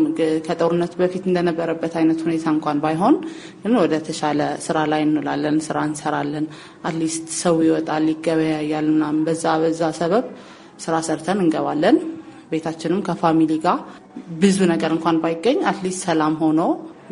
ከጦርነቱ በፊት እንደነበረበት አይነት ሁኔታ እንኳን ባይሆን ግን ወደ ተሻለ ስራ ላይ እንውላለን፣ ስራ እንሰራለን። አትሊስት ሰው ይወጣል፣ ይገበያያል ምናምን በዛ በዛ ሰበብ ስራ ሰርተን እንገባለን። ቤታችንም ከፋሚሊ ጋር ብዙ ነገር እንኳን ባይገኝ አትሊስት ሰላም ሆኖ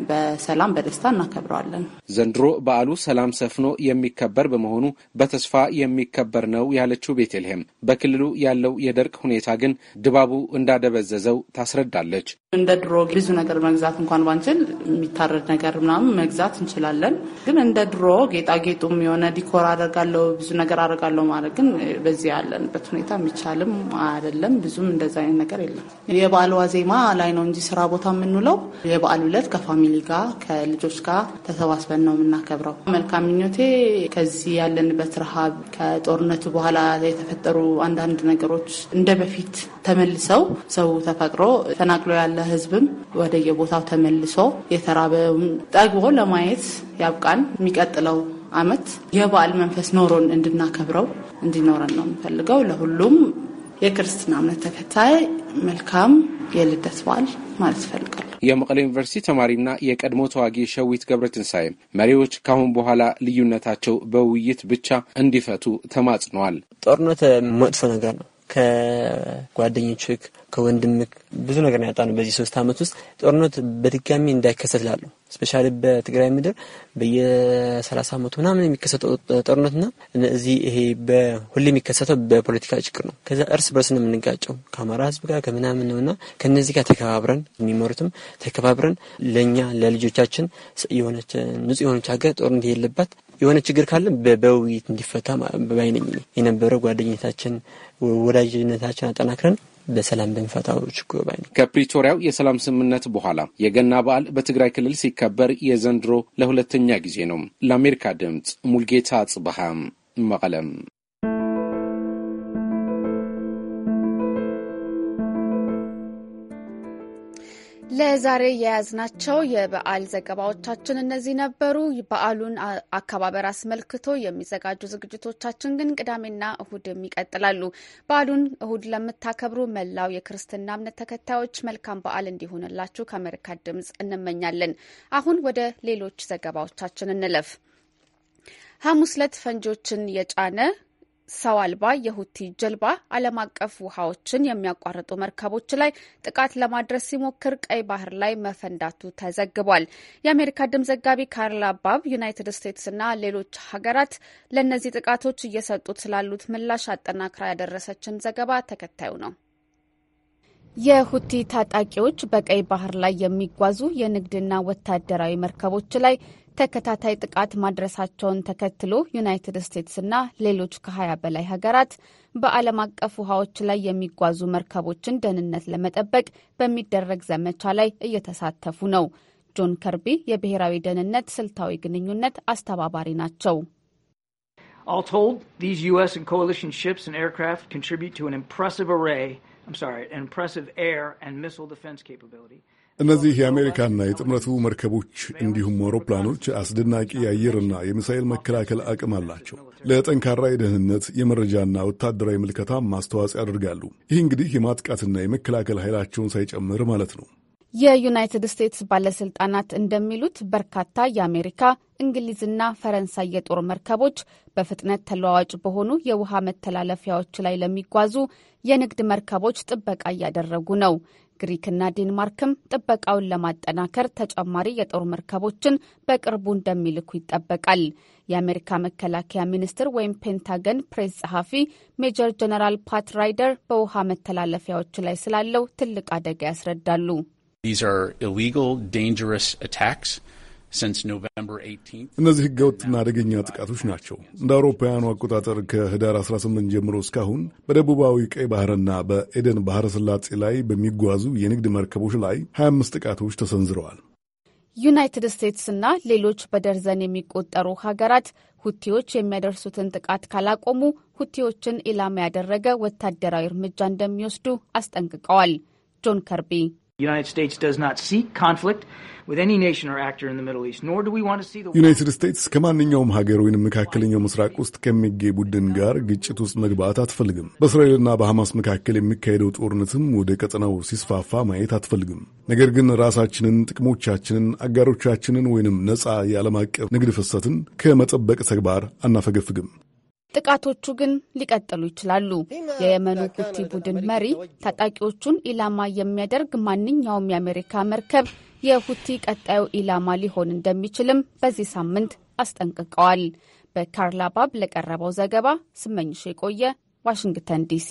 በሰላም በደስታ እናከብረዋለን። ዘንድሮ በዓሉ ሰላም ሰፍኖ የሚከበር በመሆኑ በተስፋ የሚከበር ነው ያለችው ቤተልሔም በክልሉ ያለው የደርቅ ሁኔታ ግን ድባቡ እንዳደበዘዘው ታስረዳለች። እንደ ድሮ ብዙ ነገር መግዛት እንኳን ባንችል የሚታረድ ነገር ምናምን መግዛት እንችላለን። ግን እንደ ድሮ ጌጣጌጡም የሆነ ዲኮር አደርጋለሁ ብዙ ነገር አደርጋለሁ ማለት ግን በዚህ ያለንበት ሁኔታ የሚቻልም አይደለም። ብዙም እንደዚ አይነት ነገር የለም። የበዓል ዋዜማ ላይ ነው እንጂ ስራ ቦታ የምንውለው የበዓል ዕለት ከፋሚ ከፋሚሊ ጋር ከልጆች ጋር ተሰባስበን ነው የምናከብረው። መልካም ምኞቴ ከዚህ ያለንበት ረሃብ፣ ከጦርነቱ በኋላ የተፈጠሩ አንዳንድ ነገሮች እንደ በፊት ተመልሰው ሰው ተፈቅሮ ተፈናቅሎ ያለ ህዝብም ወደየቦታው ተመልሶ የተራበውን ጠግቦ ለማየት ያብቃን። የሚቀጥለው አመት የበዓል መንፈስ ኖሮን እንድናከብረው እንዲኖረን ነው የምፈልገው ለሁሉም የክርስትና እምነት ተከታይ መልካም የልደት በዓል ማለት እፈልጋለሁ። የመቀሌ ዩኒቨርሲቲ ተማሪና የቀድሞ ተዋጊ ሸዊት ገብረትንሳኤ መሪዎች ካሁን በኋላ ልዩነታቸው በውይይት ብቻ እንዲፈቱ ተማጽነዋል። ጦርነት መጥፎ ነገር ነው። ከጓደኞችህ ከወንድምህ ብዙ ነገር ያጣ ነው። በዚህ ሶስት ዓመት ውስጥ ጦርነት በድጋሚ እንዳይከሰት ላሉ ስፔሻሊ በትግራይ ምድር በየሰላሳ ዓመቱ ምናምን የሚከሰተው ጦርነትና እዚህ ይሄ በሁሌ የሚከሰተው በፖለቲካ ችግር ነው። ከዛ እርስ በርስ ነው የምንጋጨው ከአማራ ህዝብ ጋር ከምናምን ነው እና ከእነዚህ ጋር ተከባብረን የሚመሩትም ተከባብረን ለእኛ ለልጆቻችን የሆነች ንጹህ የሆነች ሀገር ጦርነት የለባት የሆነ ችግር ካለ በውይይት እንዲፈታ ባይነኝ የነበረ ጓደኝነታችን ወዳጅነታችን አጠናክረን በሰላም ብንፈታው ችግሩ ባይ ነው። ከፕሪቶሪያው የሰላም ስምምነት በኋላ የገና በዓል በትግራይ ክልል ሲከበር የዘንድሮ ለሁለተኛ ጊዜ ነው። ለአሜሪካ ድምፅ ሙልጌታ ጽብሃ መቀለም ለዛሬ የያዝናቸው የበዓል ዘገባዎቻችን እነዚህ ነበሩ። በዓሉን አከባበር አስመልክቶ የሚዘጋጁ ዝግጅቶቻችን ግን ቅዳሜና እሁድም ይቀጥላሉ። በዓሉን እሁድ ለምታከብሩ መላው የክርስትና እምነት ተከታዮች መልካም በዓል እንዲሆንላችሁ ከአሜሪካ ድምጽ እንመኛለን። አሁን ወደ ሌሎች ዘገባዎቻችን እንለፍ። ሐሙስ ዕለት ፈንጂዎችን የጫነ ሰው አልባ የሁቲ ጀልባ ዓለም አቀፍ ውሃዎችን የሚያቋርጡ መርከቦች ላይ ጥቃት ለማድረስ ሲሞክር ቀይ ባህር ላይ መፈንዳቱ ተዘግቧል። የአሜሪካ ድምፅ ዘጋቢ ካርላ ባብ ዩናይትድ እና ሌሎች ሀገራት ለእነዚህ ጥቃቶች እየሰጡት ስላሉት ምላሽ አጠናክራ ያደረሰችን ዘገባ ተከታዩ ነው። የሁቲ ታጣቂዎች በቀይ ባህር ላይ የሚጓዙ የንግድና ወታደራዊ መርከቦች ላይ ተከታታይ ጥቃት ማድረሳቸውን ተከትሎ ዩናይትድ ስቴትስና ሌሎች ከ20 በላይ ሀገራት በዓለም አቀፍ ውሃዎች ላይ የሚጓዙ መርከቦችን ደህንነት ለመጠበቅ በሚደረግ ዘመቻ ላይ እየተሳተፉ ነው። ጆን ከርቢ የብሔራዊ ደህንነት ስልታዊ ግንኙነት አስተባባሪ ናቸው። All told, these U.S. and coalition ships and aircraft contribute to an impressive array, I'm sorry, an impressive air and missile defense capability. እነዚህ የአሜሪካና የጥምረቱ መርከቦች እንዲሁም አውሮፕላኖች አስደናቂ የአየርና የሚሳኤል መከላከል አቅም አላቸው። ለጠንካራ የደህንነት የመረጃና ወታደራዊ ምልከታ ማስተዋጽኦ ያደርጋሉ። ይህ እንግዲህ የማጥቃትና የመከላከል ኃይላቸውን ሳይጨምር ማለት ነው። የዩናይትድ ስቴትስ ባለስልጣናት እንደሚሉት በርካታ የአሜሪካ እንግሊዝና ፈረንሳይ የጦር መርከቦች በፍጥነት ተለዋዋጭ በሆኑ የውሃ መተላለፊያዎች ላይ ለሚጓዙ የንግድ መርከቦች ጥበቃ እያደረጉ ነው። ግሪክና ዴንማርክም ጥበቃውን ለማጠናከር ተጨማሪ የጦር መርከቦችን በቅርቡ እንደሚልኩ ይጠበቃል። የአሜሪካ መከላከያ ሚኒስቴር ወይም ፔንታገን ፕሬስ ጸሐፊ ሜጀር ጀነራል ፓት ራይደር በውሃ መተላለፊያዎች ላይ ስላለው ትልቅ አደጋ ያስረዳሉ። እነዚህ ህገወጥና አደገኛ ጥቃቶች ናቸው። እንደ አውሮፓውያኑ አቆጣጠር ከህዳር 18 ጀምሮ እስካሁን በደቡባዊ ቀይ ባህርና በኤደን ባህረ ስላጤ ላይ በሚጓዙ የንግድ መርከቦች ላይ 25 ጥቃቶች ተሰንዝረዋል። ዩናይትድ ስቴትስና ሌሎች በደርዘን የሚቆጠሩ ሀገራት ሁቲዎች የሚያደርሱትን ጥቃት ካላቆሙ ሁቲዎችን ኢላማ ያደረገ ወታደራዊ እርምጃ እንደሚወስዱ አስጠንቅቀዋል። ጆን ከርቢ ዩናይትድ ስቴትስ ከማንኛውም ሀገር ወይም መካከለኛው ምስራቅ ውስጥ ከሚገኝ ቡድን ጋር ግጭት ውስጥ መግባት አትፈልግም። በእስራኤልና በሐማስ መካከል የሚካሄደው ጦርነትም ወደ ቀጠናው ሲስፋፋ ማየት አትፈልግም። ነገር ግን ራሳችንን፣ ጥቅሞቻችንን፣ አጋሮቻችንን ወይንም ነፃ የዓለም አቀፍ ንግድ ፍሰትን ከመጠበቅ ተግባር አናፈገፍግም። ጥቃቶቹ ግን ሊቀጥሉ ይችላሉ። የየመኑ ሁቲ ቡድን መሪ ታጣቂዎቹን ኢላማ የሚያደርግ ማንኛውም የአሜሪካ መርከብ የሁቲ ቀጣዩ ኢላማ ሊሆን እንደሚችልም በዚህ ሳምንት አስጠንቅቀዋል። በካርላባብ ለቀረበው ዘገባ ስመኝሽ የቆየ ዋሽንግተን ዲሲ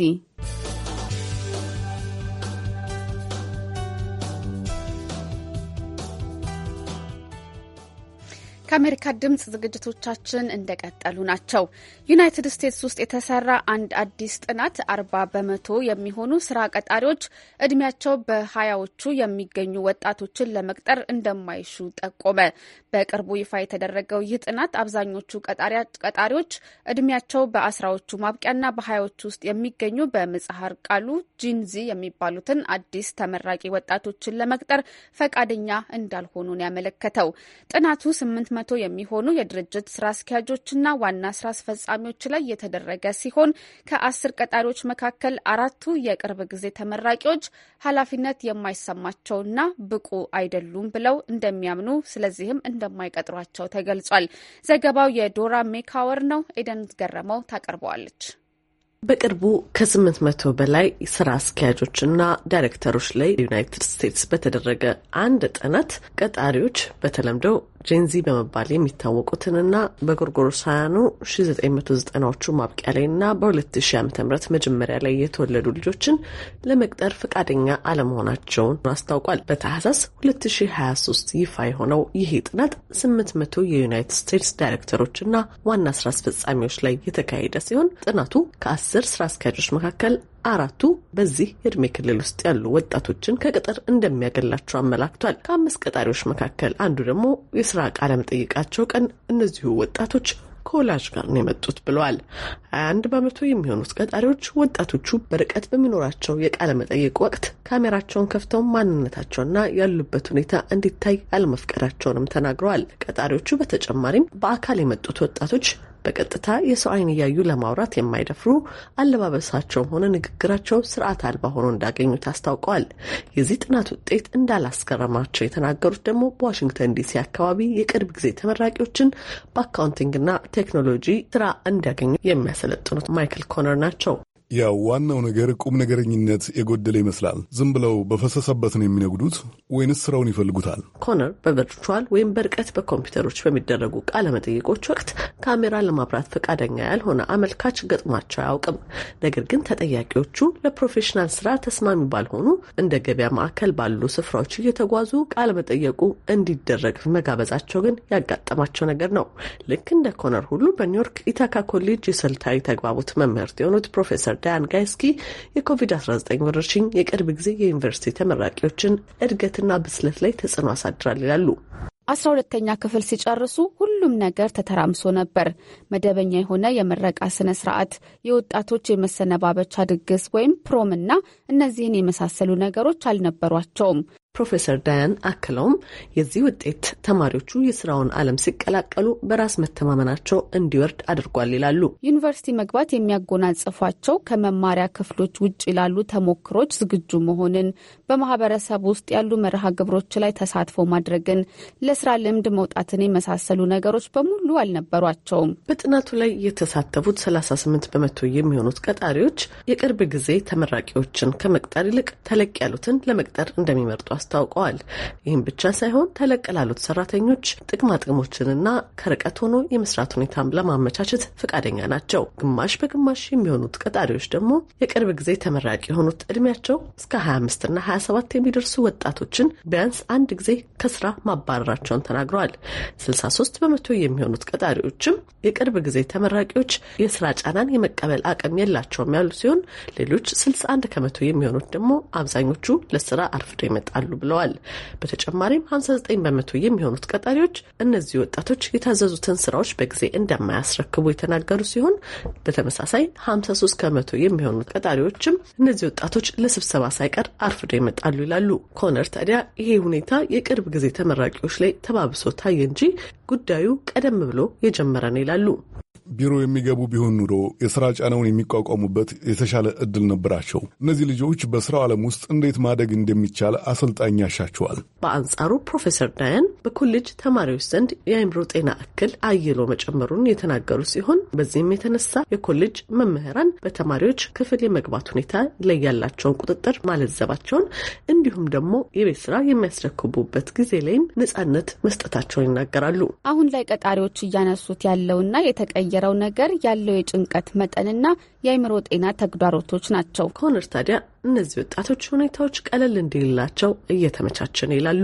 ከአሜሪካ ድምፅ ዝግጅቶቻችን እንደቀጠሉ ናቸው። ዩናይትድ ስቴትስ ውስጥ የተሰራ አንድ አዲስ ጥናት አርባ በመቶ የሚሆኑ ስራ ቀጣሪዎች እድሜያቸው በሀያዎቹ የሚገኙ ወጣቶችን ለመቅጠር እንደማይሹ ጠቆመ። በቅርቡ ይፋ የተደረገው ይህ ጥናት አብዛኞቹ ቀጣሪዎች እድሜያቸው በአስራዎቹ ማብቂያና በሀያዎቹ ውስጥ የሚገኙ በምጽሐር ቃሉ ጂንዚ የሚባሉትን አዲስ ተመራቂ ወጣቶችን ለመቅጠር ፈቃደኛ እንዳልሆኑን ያመለከተው ጥናቱ ስምንት መቶ የሚሆኑ የድርጅት ስራ አስኪያጆችና ዋና ስራ አስፈጻሚዎች ላይ የተደረገ ሲሆን ከአስር ቀጣሪዎች መካከል አራቱ የቅርብ ጊዜ ተመራቂዎች ኃላፊነት የማይሰማቸውና ብቁ አይደሉም ብለው እንደሚያምኑ ስለዚህም እንደማይቀጥሯቸው ተገልጿል። ዘገባው የዶራ ሜካወር ነው። ኤደን ገረመው ታቀርበዋለች። በቅርቡ ከ መቶ በላይ ስራ አስኪያጆች እና ዳይሬክተሮች ላይ ዩናይትድ ስቴትስ በተደረገ አንድ ጥናት ቀጣሪዎች በተለምደው ጄንዚ በመባል የሚታወቁትንና በጎርጎሮሳውያኑ 1990ዎቹ ማብቂያ ላይና በ2000 ዓ ም መጀመሪያ ላይ የተወለዱ ልጆችን ለመቅጠር ፈቃደኛ አለመሆናቸውን አስታውቋል። በታህሳስ 2023 ይፋ የሆነው ይህ ጥናት 800 የዩናይትድ ስቴትስ ና ዋና ስራ አስፈጻሚዎች ላይ የተካሄደ ሲሆን ጥናቱ ከ10 ስራ አስኪያጆች መካከል አራቱ በዚህ የእድሜ ክልል ውስጥ ያሉ ወጣቶችን ከቅጥር እንደሚያገላቸው አመላክቷል። ከአምስት ቀጣሪዎች መካከል አንዱ ደግሞ የስራ ቃለመጠይቃቸው ቀን እነዚሁ ወጣቶች ከወላጅ ጋር ነው የመጡት ብለዋል። አንድ በመቶ የሚሆኑት ቀጣሪዎች ወጣቶቹ በርቀት በሚኖራቸው የቃለ መጠየቅ ወቅት ካሜራቸውን ከፍተው ማንነታቸውና ያሉበት ሁኔታ እንዲታይ አለመፍቀዳቸውንም ተናግረዋል። ቀጣሪዎቹ በተጨማሪም በአካል የመጡት ወጣቶች በቀጥታ የሰው አይን እያዩ ለማውራት የማይደፍሩ አለባበሳቸውም ሆነ ንግግራቸው ስርዓት አልባ ሆኖ እንዳገኙት አስታውቀዋል። የዚህ ጥናት ውጤት እንዳላስገረማቸው የተናገሩት ደግሞ በዋሽንግተን ዲሲ አካባቢ የቅርብ ጊዜ ተመራቂዎችን በአካውንቲንግና ቴክኖሎጂ ስራ እንዲያገኙ የሚያሰለጥኑት ማይክል ኮነር ናቸው። ያው ዋናው ነገር ቁም ነገረኝነት የጎደለ ይመስላል። ዝም ብለው በፈሰሰበት ነው የሚነጉዱት ወይንስ ስራውን ይፈልጉታል? ኮነር በቨርቹዋል ወይም በርቀት በኮምፒውተሮች በሚደረጉ ቃለ መጠይቆች ወቅት ካሜራ ለማብራት ፈቃደኛ ያልሆነ አመልካች ገጥሟቸው አያውቅም። ነገር ግን ተጠያቂዎቹ ለፕሮፌሽናል ስራ ተስማሚ ባልሆኑ እንደ ገበያ ማዕከል ባሉ ስፍራዎች እየተጓዙ ቃለ መጠየቁ እንዲደረግ መጋበዛቸው ግን ያጋጠማቸው ነገር ነው። ልክ እንደ ኮነር ሁሉ በኒውዮርክ ኢታካ ኮሌጅ የስልታዊ ተግባቦት መምህርት የሆኑት ፕሮፌሰር ዳያን ጋይስኪ የኮቪድ-19 ወረርሽኝ የቅርብ ጊዜ የዩኒቨርሲቲ ተመራቂዎችን እድገትና ብስለት ላይ ተጽዕኖ አሳድራል ይላሉ። አስራ ሁለተኛ ክፍል ሲጨርሱ ሁሉም ነገር ተተራምሶ ነበር። መደበኛ የሆነ የምረቃ ስነ ስርዓት፣ የወጣቶች የመሰነባበቻ ድግስ ወይም ፕሮም እና እነዚህን የመሳሰሉ ነገሮች አልነበሯቸውም። ፕሮፌሰር ዳያን አክለውም የዚህ ውጤት ተማሪዎቹ የስራውን ዓለም ሲቀላቀሉ በራስ መተማመናቸው እንዲወርድ አድርጓል ይላሉ። ዩኒቨርሲቲ መግባት የሚያጎናጽፏቸው ከመማሪያ ክፍሎች ውጭ ላሉ ተሞክሮች ዝግጁ መሆንን፣ በማህበረሰብ ውስጥ ያሉ መርሃ ግብሮች ላይ ተሳትፎ ማድረግን፣ ለስራ ልምድ መውጣትን የመሳሰሉ ነገሮች በሙሉ አልነበሯቸውም። በጥናቱ ላይ የተሳተፉት 38 በመቶ የሚሆኑት ቀጣሪዎች የቅርብ ጊዜ ተመራቂዎችን ከመቅጠር ይልቅ ተለቅ ያሉትን ለመቅጠር እንደሚመርጧል አስታውቀዋል። ይህም ብቻ ሳይሆን ተለቅ ላሉት ሰራተኞች ጥቅማ ከርቀት ሆኖ የመስራት ሁኔታም ለማመቻቸት ፈቃደኛ ናቸው። ግማሽ በግማሽ የሚሆኑት ቀጣሪዎች ደግሞ የቅርብ ጊዜ ተመራቂ የሆኑት እድሜያቸው እስከ 25ና 27 የሚደርሱ ወጣቶችን ቢያንስ አንድ ጊዜ ከስራ ማባረራቸውን ተናግረዋል። 63 በመቶ የሚሆኑት ቀጣሪዎችም የቅርብ ጊዜ ተመራቂዎች የስራ ጫናን የመቀበል አቅም የላቸውም ያሉ ሲሆን ሌሎች 61 ከመቶ የሚሆኑት ደግሞ አብዛኞቹ ለስራ አርፍዶ ይመጣሉ ይችላሉ ብለዋል። በተጨማሪም 59 በመቶ የሚሆኑት ቀጣሪዎች እነዚህ ወጣቶች የታዘዙትን ስራዎች በጊዜ እንደማያስረክቡ የተናገሩ ሲሆን በተመሳሳይ 53 ከመቶ የሚሆኑት ቀጣሪዎችም እነዚህ ወጣቶች ለስብሰባ ሳይቀር አርፍዶ ይመጣሉ ይላሉ። ኮነር ታዲያ ይሄ ሁኔታ የቅርብ ጊዜ ተመራቂዎች ላይ ተባብሶ ታየ እንጂ ጉዳዩ ቀደም ብሎ የጀመረ ነው ይላሉ። ቢሮ የሚገቡ ቢሆን ኑሮ የሥራ ጫናውን የሚቋቋሙበት የተሻለ ዕድል ነበራቸው። እነዚህ ልጆች በሥራው ዓለም ውስጥ እንዴት ማደግ እንደሚቻል አሰልጣኝ ያሻቸዋል። በአንጻሩ ፕሮፌሰር ዳያን በኮሌጅ ተማሪዎች ዘንድ የአእምሮ ጤና እክል አይሎ መጨመሩን የተናገሩ ሲሆን በዚህም የተነሳ የኮሌጅ መምህራን በተማሪዎች ክፍል የመግባት ሁኔታ ላይ ያላቸውን ቁጥጥር ማለዘባቸውን እንዲሁም ደግሞ የቤት ስራ የሚያስረክቡበት ጊዜ ላይም ነጻነት መስጠታቸውን ይናገራሉ። አሁን ላይ ቀጣሪዎች እያነሱት ያለውና የተቀየ የቀየረው ነገር ያለው የጭንቀት መጠንና የአይምሮ ጤና ተግዳሮቶች ናቸው። ኮነር ታዲያ እነዚህ ወጣቶች ሁኔታዎች ቀለል እንዲልላቸው እየተመቻቸን ይላሉ።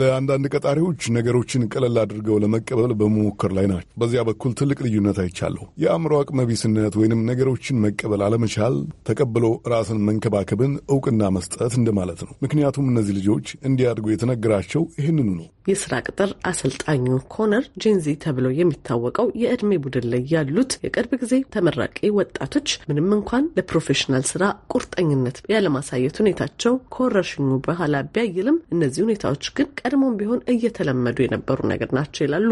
ለአንዳንድ ቀጣሪዎች ነገሮችን ቀለል አድርገው ለመቀበል በመሞከር ላይ ናቸው። በዚያ በኩል ትልቅ ልዩነት አይቻለሁ። የአእምሮ አቅመቢስነት ወይንም ነገሮችን መቀበል አለመቻል ተቀብሎ ራስን መንከባከብን እውቅና መስጠት እንደማለት ነው። ምክንያቱም እነዚህ ልጆች እንዲያድጉ የተነገራቸው ይህንኑ ነው። የስራ ቅጥር አሰልጣኙ ኮነር ጄንዚ ተብሎ የሚታወቀው የእድሜ ቡድን ላይ ያሉት የቅርብ ጊዜ ተመራቂ ወጣቶች ምንም እንኳን ለፕሮፌሽናል ስራ ቁርጠኝነት ያለማሳየት ሁኔታቸው ከወረርሽኙ በኋላ ቢያይልም እነዚህ ሁኔታዎች ግን ቀድሞም ቢሆን እየተለመዱ የነበሩ ነገር ናቸው ይላሉ።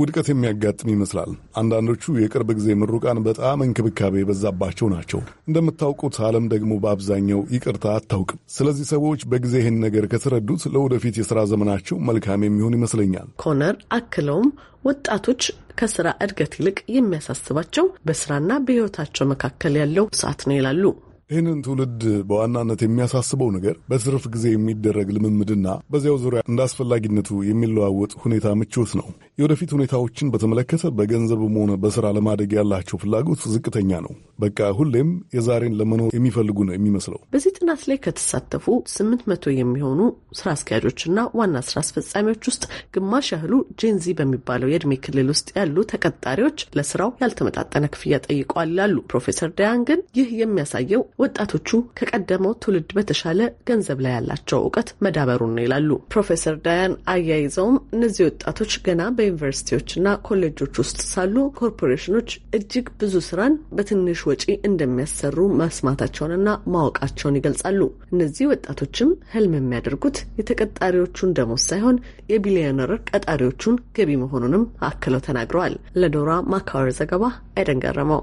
ውድቀት የሚያጋጥም ይመስላል። አንዳንዶቹ የቅርብ ጊዜ ምሩቃን በጣም እንክብካቤ የበዛባቸው ናቸው። እንደምታውቁት ዓለም ደግሞ በአብዛኛው ይቅርታ አታውቅም። ስለዚህ ሰዎች በጊዜ ይህን ነገር ከተረዱት ለወደፊት የሥራ ዘመናቸው መልካም የሚሆን ይመስለኛል። ኮነር አክለውም ወጣቶች ከስራ እድገት ይልቅ የሚያሳስባቸው በስራና በሕይወታቸው መካከል ያለው ሰዓት ነው ይላሉ። ይህንን ትውልድ በዋናነት የሚያሳስበው ነገር በትርፍ ጊዜ የሚደረግ ልምምድና በዚያው ዙሪያ እንደ አስፈላጊነቱ የሚለዋወጥ ሁኔታ ምቾት ነው። የወደፊት ሁኔታዎችን በተመለከተ በገንዘብም ሆነ በስራ ለማደግ ያላቸው ፍላጎት ዝቅተኛ ነው። በቃ ሁሌም የዛሬን ለመኖር የሚፈልጉ ነው የሚመስለው። በዚህ ጥናት ላይ ከተሳተፉ ስምንት መቶ የሚሆኑ ስራ አስኪያጆችና ዋና ስራ አስፈጻሚዎች ውስጥ ግማሽ ያህሉ ጄንዚ በሚባለው የእድሜ ክልል ውስጥ ያሉ ተቀጣሪዎች ለስራው ያልተመጣጠነ ክፍያ ጠይቀዋል ይላሉ ፕሮፌሰር ዳያን ግን ይህ የሚያሳየው ወጣቶቹ ከቀደመው ትውልድ በተሻለ ገንዘብ ላይ ያላቸው እውቀት መዳበሩን ነው ይላሉ ፕሮፌሰር ዳያን። አያይዘውም እነዚህ ወጣቶች ገና በዩኒቨርሲቲዎችና ኮሌጆች ውስጥ ሳሉ ኮርፖሬሽኖች እጅግ ብዙ ስራን በትንሽ ወጪ እንደሚያሰሩ መስማታቸውንና ማወቃቸውን ይገልጻሉ። እነዚህ ወጣቶችም ህልም የሚያደርጉት የተቀጣሪዎቹን ደሞዝ ሳይሆን የቢሊዮነር ቀጣሪዎቹን ገቢ መሆኑንም አክለው ተናግረዋል። ለዶራ ማካወር ዘገባ አይደንገረመው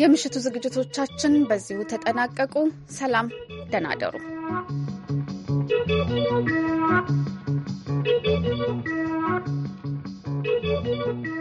የምሽቱ ዝግጅቶቻችን በዚሁ ተጠናቀቁ። ሰላም፣ ደህና you.